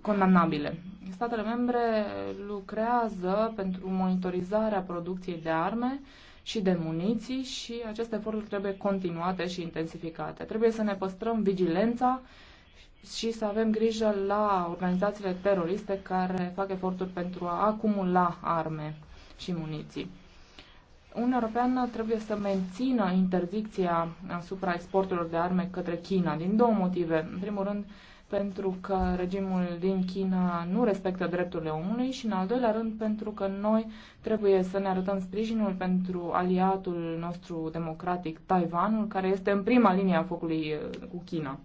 condamnabile. Statele membre lucrează pentru monitorizarea producției de arme și de muniții și aceste eforturi trebuie continuate și intensificate. Trebuie să ne păstrăm vigilența și să avem grijă la organizațiile teroriste care fac eforturi pentru a acumula arme și muniții. Uniunea Europeană trebuie să mențină interdicția asupra exporturilor de arme către China din două motive. În primul rând, pentru că regimul din China nu respectă drepturile omului și, în al doilea rând, pentru că noi trebuie să ne arătăm sprijinul pentru aliatul nostru democratic, Taiwanul, care este în prima linie a focului uh, cu China.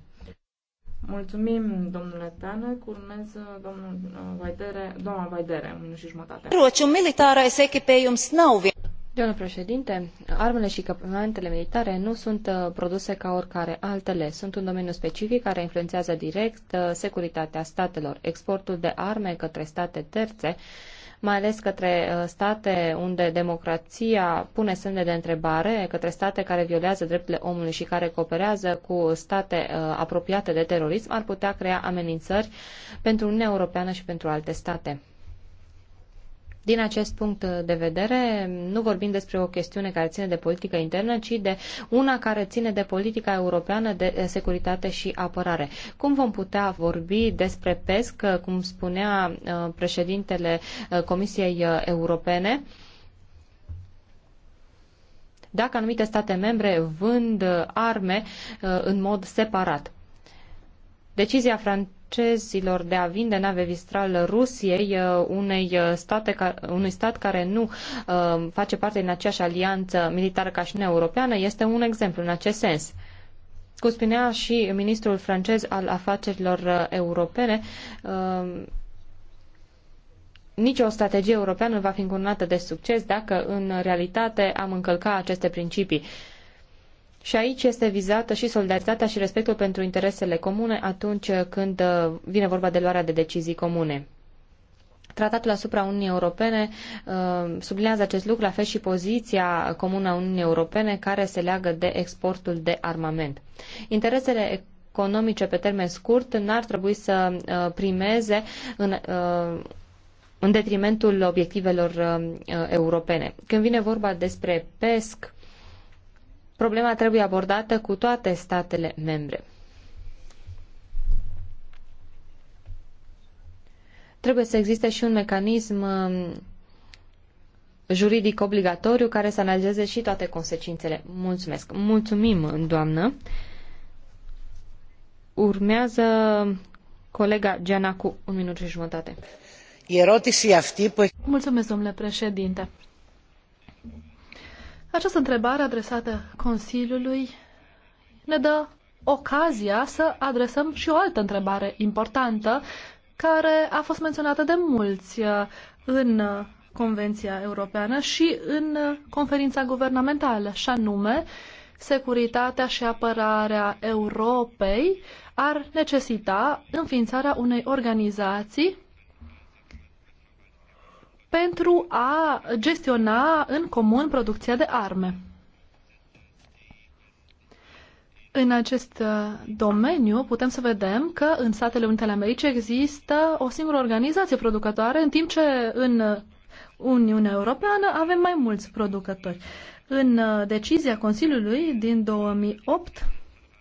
Mulțumim, domnule Tane. Urmează domnul uh, Vaidere, doamna Vaidere, un minut și jumătate. Roci un militar echipei jums nav Domnul președinte, armele și echipamentele militare nu sunt uh, produse ca oricare altele. Sunt un domeniu specific care influențează direct uh, securitatea statelor. Exportul de arme către state terțe mai ales către uh, state unde democrația pune semne de întrebare, către state care violează drepturile omului și care cooperează cu state apropiate de terorism, ar putea crea amenințări pentru Uniunea Europeană și pentru alte state. Din acest punct de vedere, nu vorbim despre o chestiune care ține de politică internă, ci de una care ține de politica europeană de eh, securitate și apărare. Cum vom putea vorbi despre PESC, eh, cum spunea eh, președintele Comisiei Europene, dacă anumite state membre vând arme în mod separat? Decizia Franței accesilor de a vinde nave vistral Rusiei uh, unei uh, state, unui stat care nu uh, face parte din aceeași alianță militară ca și Uniunea Europeană este un exemplu în acest sens. Cum spunea și ministrul francez al afacerilor europene, nicio strategie europeană nu va fi încununată de succes dacă în realitate am încălca aceste principii. Și aici este vizată și solidaritatea și respectul pentru interesele comune atunci când uh, vine vorba de luarea de decizii comune. Tratatul asupra Uniunii Europene uh, sublinează acest lucru, la fel și poziția comună a Uniunii Europene care se leagă de exportul de armament. Interesele economice pe termen scurt n-ar trebui să uh, primeze în, în detrimentul obiectivelor europene. Când vine vorba despre PESC, problema trebuie abordată cu toate statele membre. Trebuie să existe și un mecanism um, juridic obligatoriu care să analizeze și toate consecințele. Mulțumesc. Mulțumim, doamnă. Urmează colega Giana cu un minut și jumătate. Păi- Mulțumesc, domnule președinte. Această întrebare adresată Consiliului ne dă ocazia să adresăm și o altă întrebare importantă care a fost menționată de mulți uh, în uh, Convenția Europeană și în uh, conferința guvernamentală, și anume securitatea și apărarea Europei ar necesita înființarea unei organizații pentru a gestiona în comun producția de arme. În acest uh, domeniu putem să vedem că în Statele Unite ale Americii există o singură organizație producătoare, în timp ce în Uniunea Europeană avem mai mulți producători. În uh, decizia Consiliului din 2008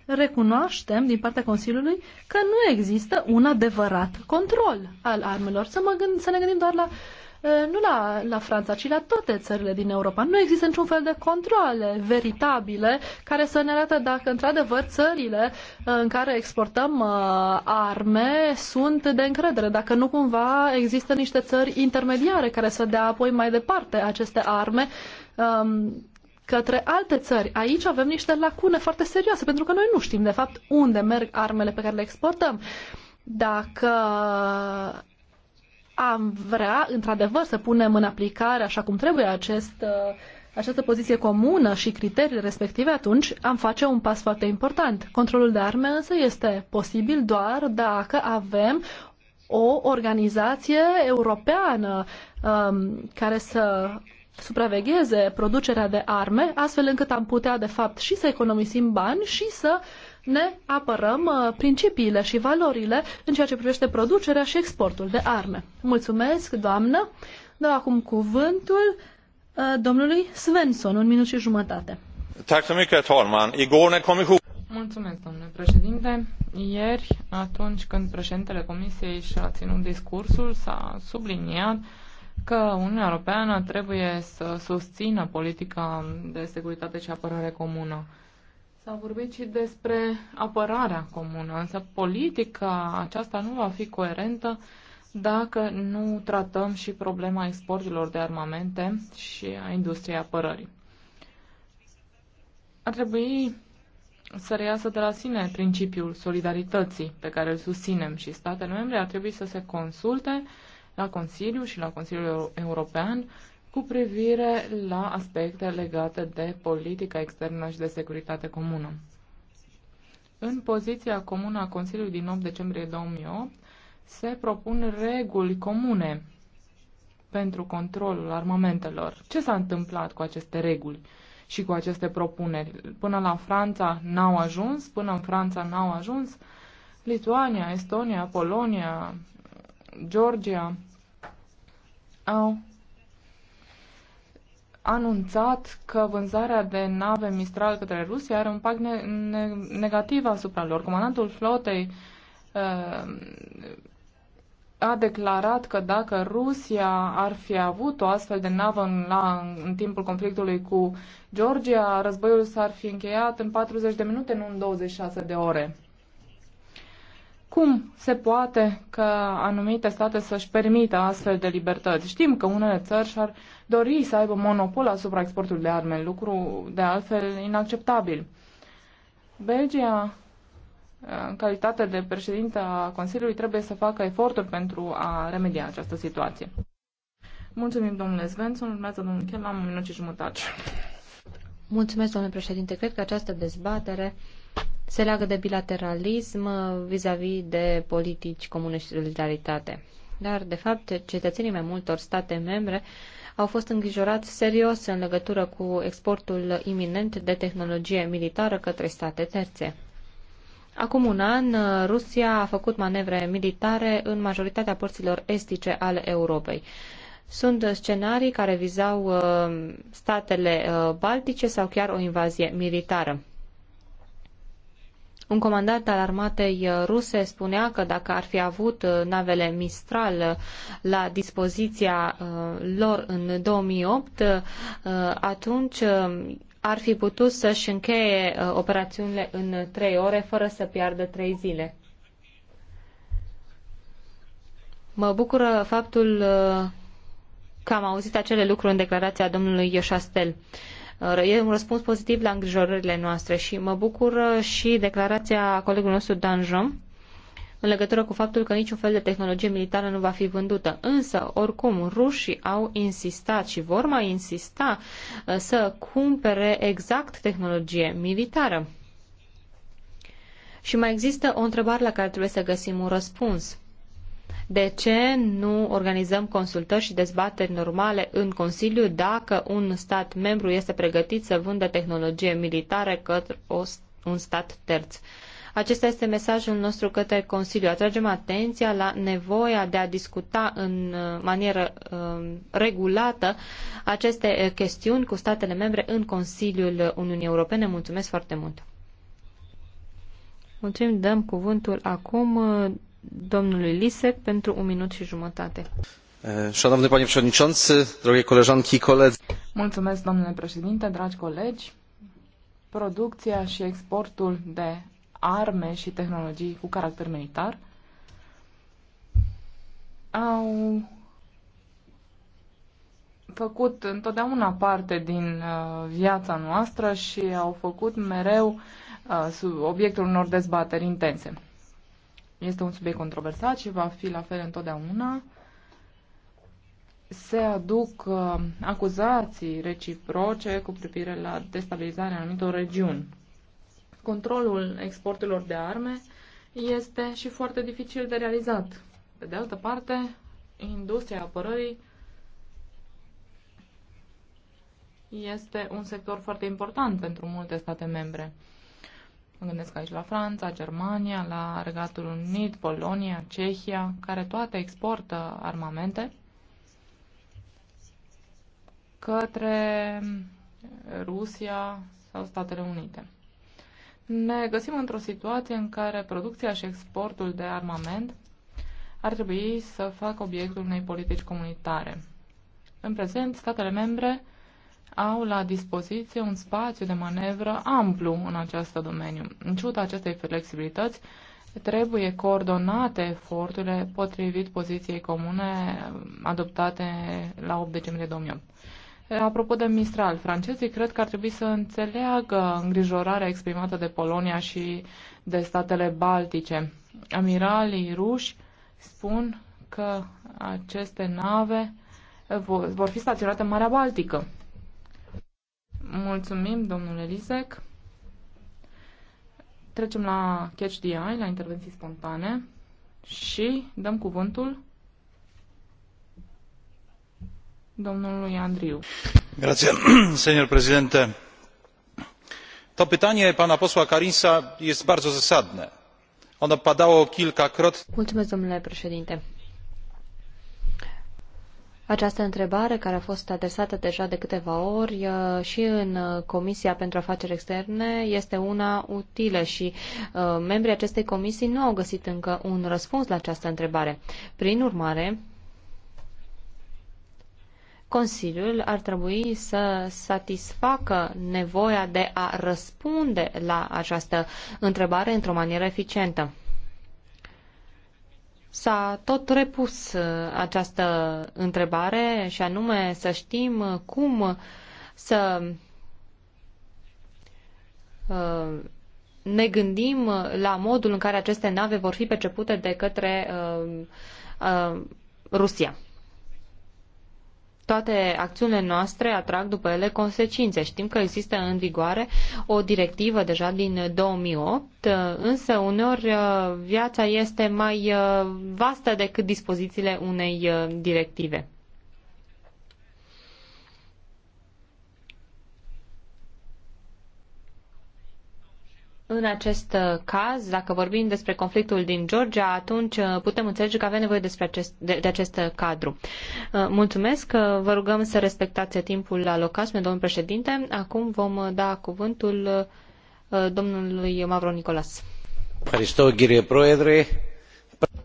recunoaștem din partea Consiliului că nu există un adevărat control al armelor. Să, mă gând, să ne gândim doar la uh, Eh, nu la, la Franța, ci la toate țările din Europa. Nu există niciun fel de controle veritabile care să ne arate dacă, într-adevăr, țările eh, în care exportăm eh, arme sunt de încredere, dacă nu cumva există niște țări intermediare care să dea apoi mai departe aceste arme ehm, către alte țări. Aici avem niște lacune foarte serioase, pentru că noi nu știm, de fapt, unde merg armele pe care le exportăm. Dacă am vrea, într-adevăr, să punem în aplicare așa cum trebuie acest, uh, această poziție comună și criteriile respective, atunci am face un pas foarte important. Controlul de arme însă este posibil doar dacă avem o organizație europeană um, care să supravegheze producerea de arme, astfel încât am putea, de fapt, și să economisim bani și să ne apărăm uh, principiile și valorile în ceea ce privește producerea și exportul de arme. Mulțumesc, doamnă! Dau acum cuvântul uh, domnului Svensson, un minut și jumătate. Mulțumesc, domnule președinte. Ieri, atunci când președintele Comisiei și-a ținut discursul, s-a subliniat că Uniunea Europeană trebuie să susțină politica de securitate și apărare comună. S-a vorbit și despre apărarea comună, însă politica aceasta nu va fi coerentă dacă nu tratăm și problema exporturilor de armamente și a industriei apărării. Ar trebui să reiasă de la sine principiul solidarității pe care îl susținem și statele membre ar trebui să se consulte la Consiliu și la Consiliul European cu privire la aspecte legate de politica externă și de securitate comună. În poziția comună a Consiliului din 8 decembrie 2008 se propun reguli comune pentru controlul armamentelor. Ce s-a întâmplat cu aceste reguli și cu aceste propuneri? Până la Franța n-au ajuns, până în Franța n-au ajuns, Lituania, Estonia, Polonia, Georgia au anunțat că vânzarea de nave Mistral către Rusia are un impact ne- ne- negativ asupra lor. Comandantul flotei uh, a declarat că dacă Rusia ar fi avut o astfel de navă în, la, în timpul conflictului cu Georgia, războiul s-ar fi încheiat în 40 de minute, nu în 26 de ore. Cum se poate ca anumite state să-și permită astfel de libertăți? Știm că unele țări și-ar dori să aibă monopol asupra exportului de arme, lucru de altfel inacceptabil. Belgia, în calitate de președinte a Consiliului, trebuie să facă eforturi pentru a remedia această situație. Mulțumim, domnule Svensson. Urmează domnul Chel la un minut și jumătate. Mulțumesc, domnule președinte. Cred că această dezbatere se leagă de bilateralism vis-a-vis -vis de politici comune și solidaritate. Dar, de fapt, cetățenii mai multor state membre au fost îngrijorați serios în legătură cu exportul iminent de tehnologie militară către state terțe. Acum un an, Rusia a făcut manevre militare în majoritatea porților estice ale Europei. Sunt scenarii care vizau uh, statele uh, baltice sau chiar o invazie militară. Un comandant al armatei uh, ruse spunea că dacă ar fi avut uh, navele Mistral uh, la dispoziția lor în 2008, atunci ar fi putut să-și încheie operațiunile în trei ore fără să piardă trei zile. Mă bucură faptul că am auzit acele lucruri în declarația domnului Ioșastel. Uh, E un răspuns pozitiv la îngrijorările noastre și mă bucur și declarația colegului nostru Dan Jom în legătură cu faptul că niciun fel de tehnologie militară nu va fi vândută. Însă, oricum, rușii au insistat și vor mai insista uh, să cumpere exact tehnologie militară. Și mai există o întrebare la care trebuie să găsim un răspuns. De ce nu organizăm consultări și dezbateri normale în Consiliu dacă un stat membru este pregătit să vândă tehnologie militară către un stat terț? Acesta este mesajul nostru către Consiliu. Atragem atenția la nevoia de a discuta în uh, manieră uh, regulată aceste uh, chestiuni cu statele membre în Consiliul Uniunii Europene. Mulțumesc foarte mult! Mulțumim, dăm cuvântul acum domnului Lisek pentru un minut și jumătate. Szanowny panie przewodniczący, drogie koleżanki i koledzy. Mulțumesc, domnule președinte, dragi colegi. Producția și exportul de arme și tehnologii cu caracter militar au făcut întotdeauna parte din uh, viața noastră și au făcut mereu uh, obiectul unor dezbateri intense. Este un subiect controversat și va fi la fel întotdeauna. Se aduc uh, acuzații reciproce cu privire la destabilizarea anumitor regiuni. Controlul exporturilor de arme este și foarte dificil de realizat. Pe de altă parte, industria apărării este un sector foarte important pentru multe state membre. Mă gândesc aici la Franța, Germania, la Regatul Unit, Polonia, Cehia, care toate exportă armamente către Rusia sau Statele Unite. Ne găsim într-o situație în care producția și exportul de armament ar trebui să facă obiectul unei politici comunitare. În prezent, statele membre au la dispoziție un spațiu de manevră amplu în acest domeniu. În ciuda acestei flexibilități, trebuie coordonate eforturile potrivit poziției comune adoptate la 8 decembrie 2008. Apropo de Mistral, francezii cred că ar trebui să înțeleagă îngrijorarea exprimată de Polonia și de statele baltice. Amiralii ruși spun că aceste nave vor fi staționate în Marea Baltică. Mulțumim, domnule Lisek. Trecem la Catch the Eye, la intervenții spontane și dăm cuvântul domnului Andriu. Grazie, *clears throat* senior prezidente. To pytanie pana posła Karinsa jest bardzo zasadne. Ono padało kilkakrotnie. Mulțumesc, domnule președinte. Această întrebare, care a fost adresată deja de câteva ori uh, și în uh, Comisia pentru Afaceri Externe, este una utilă și uh, membrii acestei comisii nu au găsit încă un răspuns la această întrebare. Prin urmare, Consiliul ar trebui să satisfacă nevoia de a răspunde la această întrebare într-o manieră eficientă. S-a tot repus uh, această întrebare și anume să știm cum să uh, ne gândim la modul în care aceste nave vor fi percepute de către uh, Rusia toate acțiunile noastre atrag după ele consecințe. Știm că există în vigoare o directivă deja din 2008, însă uneori uh, viața este mai uh, vastă decât dispozițiile unei uh, directive. în acest uh, caz, dacă vorbim despre conflictul din Georgia, atunci uh, putem înțelege că avem nevoie despre acest, de, de acest uh, cadru. Mulțumesc, vă rugăm să respectați timpul alocat, domnul președinte. Acum vom da cuvântul domnului Mavro Nicolas.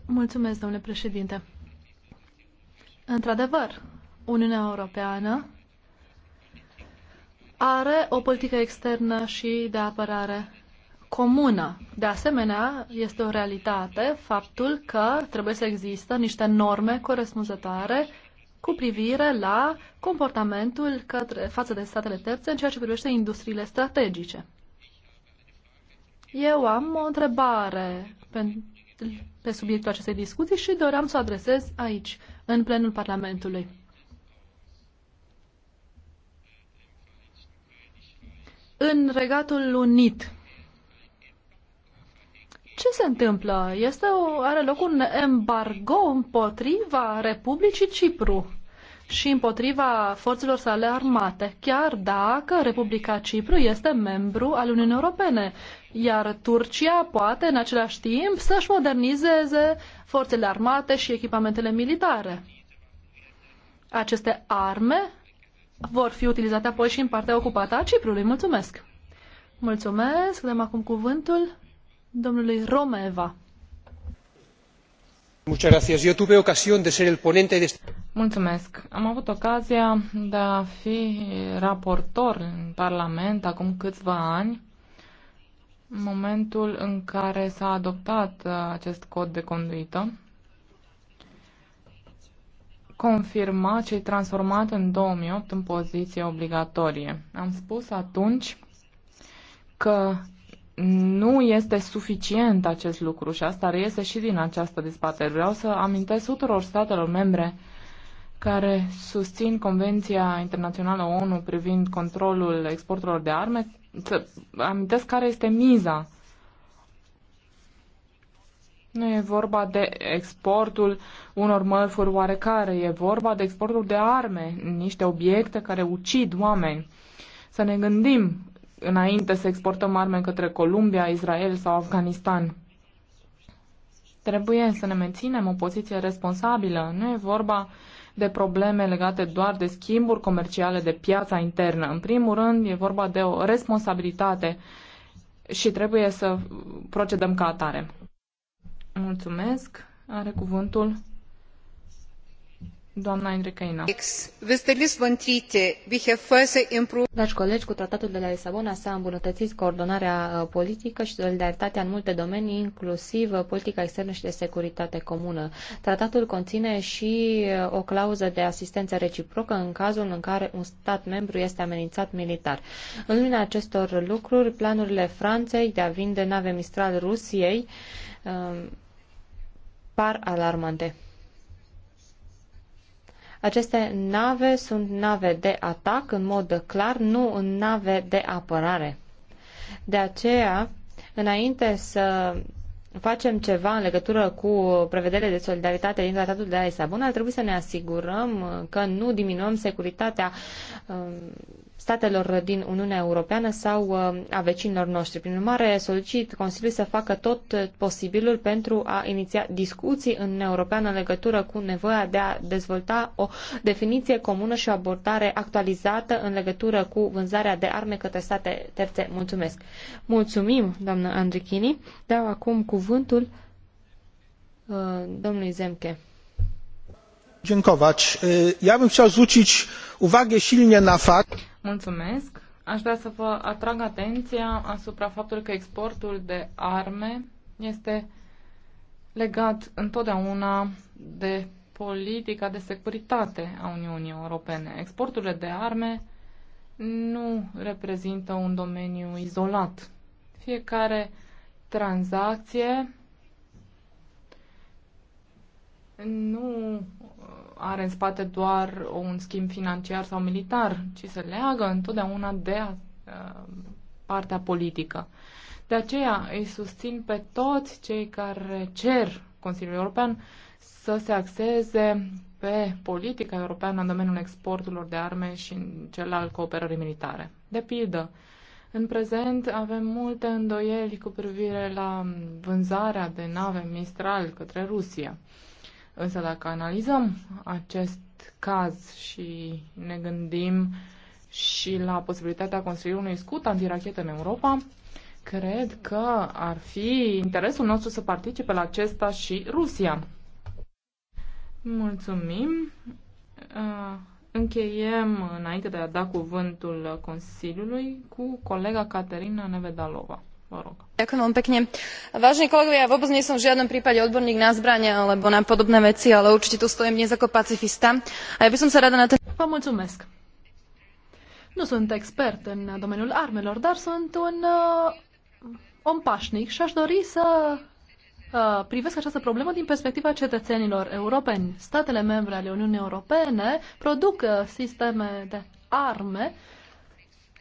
Mulțumesc, domnule președinte. Într-adevăr, Uniunea Europeană are o politică externă și de apărare comună. De asemenea, este o realitate faptul că trebuie să există niște norme corespunzătoare cu privire la comportamentul către, față de statele terțe în ceea ce privește industriile strategice. Eu am o întrebare pe, pe subiectul acestei discuții și doream să o adresez aici, în plenul Parlamentului. În Regatul Unit, ce se întâmplă? Este o, are loc un embargo împotriva Republicii Cipru și împotriva forțelor sale armate, chiar dacă Republica Cipru este membru al Uniunii Europene, iar Turcia poate în același timp să-și modernizeze forțele armate și echipamentele militare. Aceste arme vor fi utilizate apoi și în partea ocupată a Ciprului. Mulțumesc! Mulțumesc! Dăm acum cuvântul domnului Romeva. Mulțumesc. Am avut ocazia de a fi raportor în Parlament acum câțiva ani, în momentul în care s-a adoptat uh, acest cod de conduită, confirmat și transformat în 2008 în poziție obligatorie. Am spus atunci că nu este suficient acest lucru și asta reiese și din această dezbatere. Vreau să amintesc tuturor statelor membre care susțin Convenția Internațională ONU privind controlul exporturilor de arme, să amintesc care este miza. Nu e vorba de exportul unor mărfuri oarecare, e vorba de exportul de arme, niște obiecte care ucid oameni. Să ne gândim înainte să exportăm arme către Columbia, Israel sau Afganistan. Trebuie să ne menținem o poziție responsabilă. Nu e vorba de probleme legate doar de schimburi comerciale de piața internă. În primul rând, e vorba de o responsabilitate și trebuie să procedăm ca atare. Mulțumesc. Are cuvântul Dragi colegi, cu tratatul de la Lisabona s-a îmbunătățit coordonarea uh, politică și solidaritatea în multe domenii, inclusiv uh, politica externă și de securitate comună. Tratatul conține și uh, o clauză de asistență reciprocă în cazul în care un stat membru este amenințat militar. În lumina acestor lucruri, planurile Franței de a vinde nave Mistral Rusiei par alarmante. Aceste nave sunt nave de atac, în mod clar, nu în nave de apărare. De aceea, înainte să facem ceva în legătură cu prevederile de solidaritate din tratatul de la Lisabona, ar trebui să ne asigurăm că nu diminuăm securitatea um, statelor din Uniunea Europeană sau uh, a vecinilor noștri. Prin urmare, solicit Consiliului să facă tot uh, posibilul pentru a iniția discuții în Uniunea Europeană în legătură cu nevoia de a dezvolta o definiție comună și o abordare actualizată în legătură cu vânzarea de arme către state terțe. Mulțumesc! Mulțumim, doamnă Andrichini. Dau acum cuvântul uh, domnului Zemke ja bym chciał zwrócić uwagę silnie na fakt. Mulțumesc. Aș vrea să vă atrag atenția asupra faptului că exportul de arme este legat întotdeauna de politica de securitate a Uniunii Europene. Exporturile de arme nu reprezintă un domeniu izolat. Fiecare tranzacție nu are în spate doar un schimb financiar sau militar, ci se leagă întotdeauna de a, uh, partea politică. De aceea îi susțin pe toți cei care cer Consiliul European să se axeze pe politica europeană în domeniul exporturilor de arme și în cel al cooperării militare. De pildă, în prezent avem multe îndoieli cu privire la vânzarea de nave Mistral către Rusia. Însă dacă analizăm acest caz și ne gândim și la posibilitatea construirii unui scut antirachetă în Europa, cred că ar fi interesul nostru să participe la acesta și Rusia. Mulțumim. Uh, încheiem, înainte de a da cuvântul Consiliului, cu colega Caterina Nevedalova vážení kolegovia ja vôbec nie som v žiadnom prípade odborník na zbrane alebo na podobné veci ale určite tu stojím dnes ako pacifista a ja by som sa rada na Vă mulțumesc. Nu sunt expert în domeniul armelor, dar sunt un uh, om pașnic și aș dori să uh, privesc această problemă din perspectiva cetățenilor europeni. Statele membre ale Uniunii Europene produc uh, sisteme de arme uh,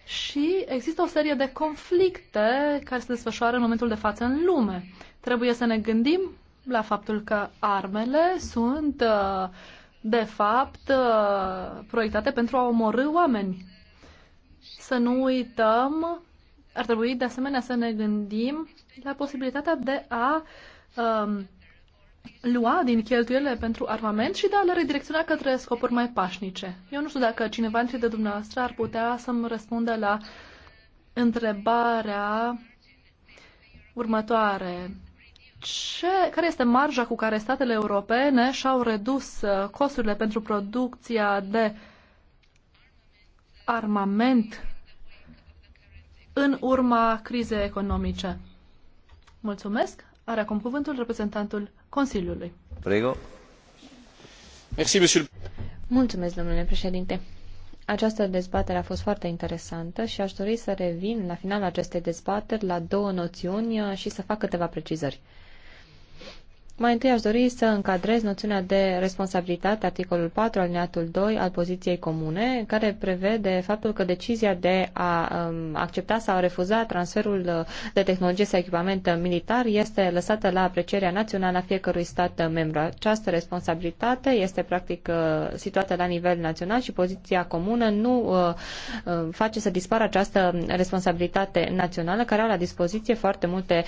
și există o serie de conflicte care se desfășoară în momentul de față în lume. Trebuie să ne gândim la faptul că armele sunt, uh, de fapt, uh, proiectate pentru a omorâ oameni. Să nu uităm, ar trebui de asemenea să ne gândim la posibilitatea de a um, lua din cheltuielile pentru armament și de a le redirecționa către scopuri mai pașnice. Eu nu știu dacă cineva dintre de dumneavoastră ar putea să-mi răspundă la întrebarea următoare. Ce, care este marja cu care statele europene și-au redus uh, costurile pentru producția de armament în urma crizei economice? Mulțumesc! Are acum cuvântul reprezentantul Consiliului. Prego. Merci, monsieur. Mulțumesc, domnule președinte. Această dezbatere a fost foarte interesantă și aș dori să revin la finalul acestei dezbateri la două noțiuni și să fac câteva precizări. Mai întâi aș dori să încadrez noțiunea de responsabilitate, articolul 4, alineatul 2 al poziției comune, care prevede faptul că decizia de a um, accepta sau a refuza transferul de tehnologie sau echipament militar este lăsată la aprecierea națională a fiecărui stat membru. Această responsabilitate este practic uh, situată la nivel național și poziția comună nu uh, uh, face să dispară această responsabilitate națională, care au la dispoziție foarte multe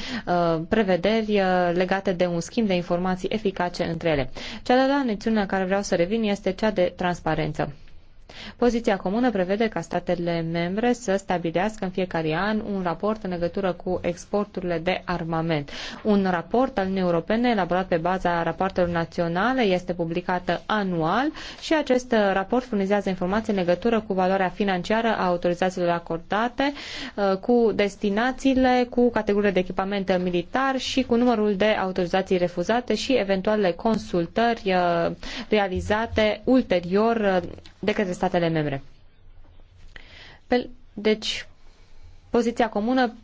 prevederi legate de un schimb de informații eficace între ele. Cea de-a doua la care vreau să revin este cea de transparență. Poziția comună prevede ca statele membre să stabilească în fiecare an un raport în legătură cu exporturile de armament. Un raport al Uniunii Europene elaborat pe baza rapoartelor naționale este publicat anual și acest raport furnizează informații în legătură cu valoarea financiară a autorizațiilor acordate, uh, cu destinațiile, cu categoriile de echipament militar și cu numărul de autorizații refuzate și eventuale consultări uh, realizate ulterior uh, de către statele membre. Deci, poziția comună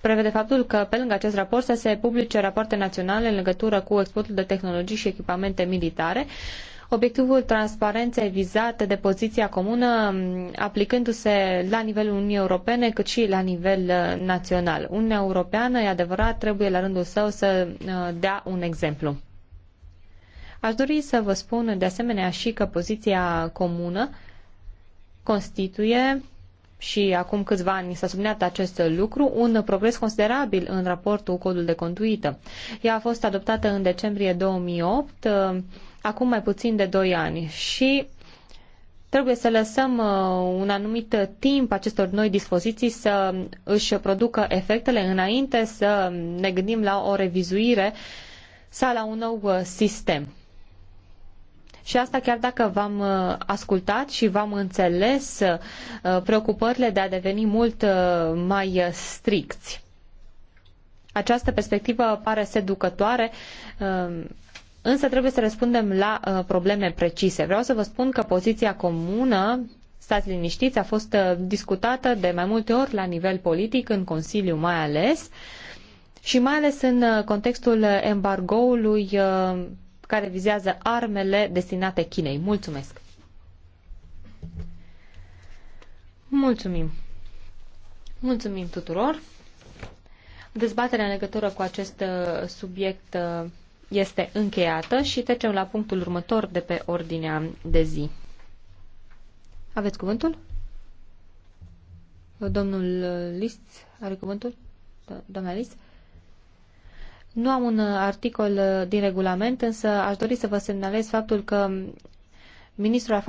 prevede faptul că, pe lângă acest raport, să se publice rapoarte naționale în legătură cu exportul de tehnologii și echipamente militare, obiectivul transparenței vizate de poziția comună aplicându-se la nivelul Uniunii Europene cât și la nivel uh, național. Uniunea Europeană, e adevărat, trebuie la rândul său să uh, dea un exemplu. Aș dori să vă spun de asemenea și că poziția comună constituie și acum câțiva ani s-a subliniat acest lucru, un progres considerabil în raportul Codul de Conduită. Ea a fost adoptată în decembrie 2008, acum mai puțin de 2 ani și trebuie să lăsăm uh, un anumit timp acestor noi dispoziții să își producă efectele înainte să ne gândim la o revizuire sau la un nou uh, sistem. Și asta chiar dacă v-am uh, ascultat și v-am înțeles uh, preocupările de a deveni mult uh, mai stricți. Această perspectivă pare seducătoare, însă trebuie să răspundem la probleme precise. Vreau să vă spun că poziția comună stați liniștiți, a fost discutată de mai multe ori la nivel politic, în Consiliu mai ales, și mai ales în contextul embargoului care vizează armele destinate Chinei. Mulțumesc! Mulțumim! Mulțumim tuturor! Dezbaterea în legătură cu acest uh, subiect uh, este încheiată și trecem la punctul următor de pe ordinea de zi. Aveți cuvântul? Domnul List are cuvântul? Doamna List? Nu am un uh, articol uh, din regulament, însă aș dori să vă semnalez faptul că ministrul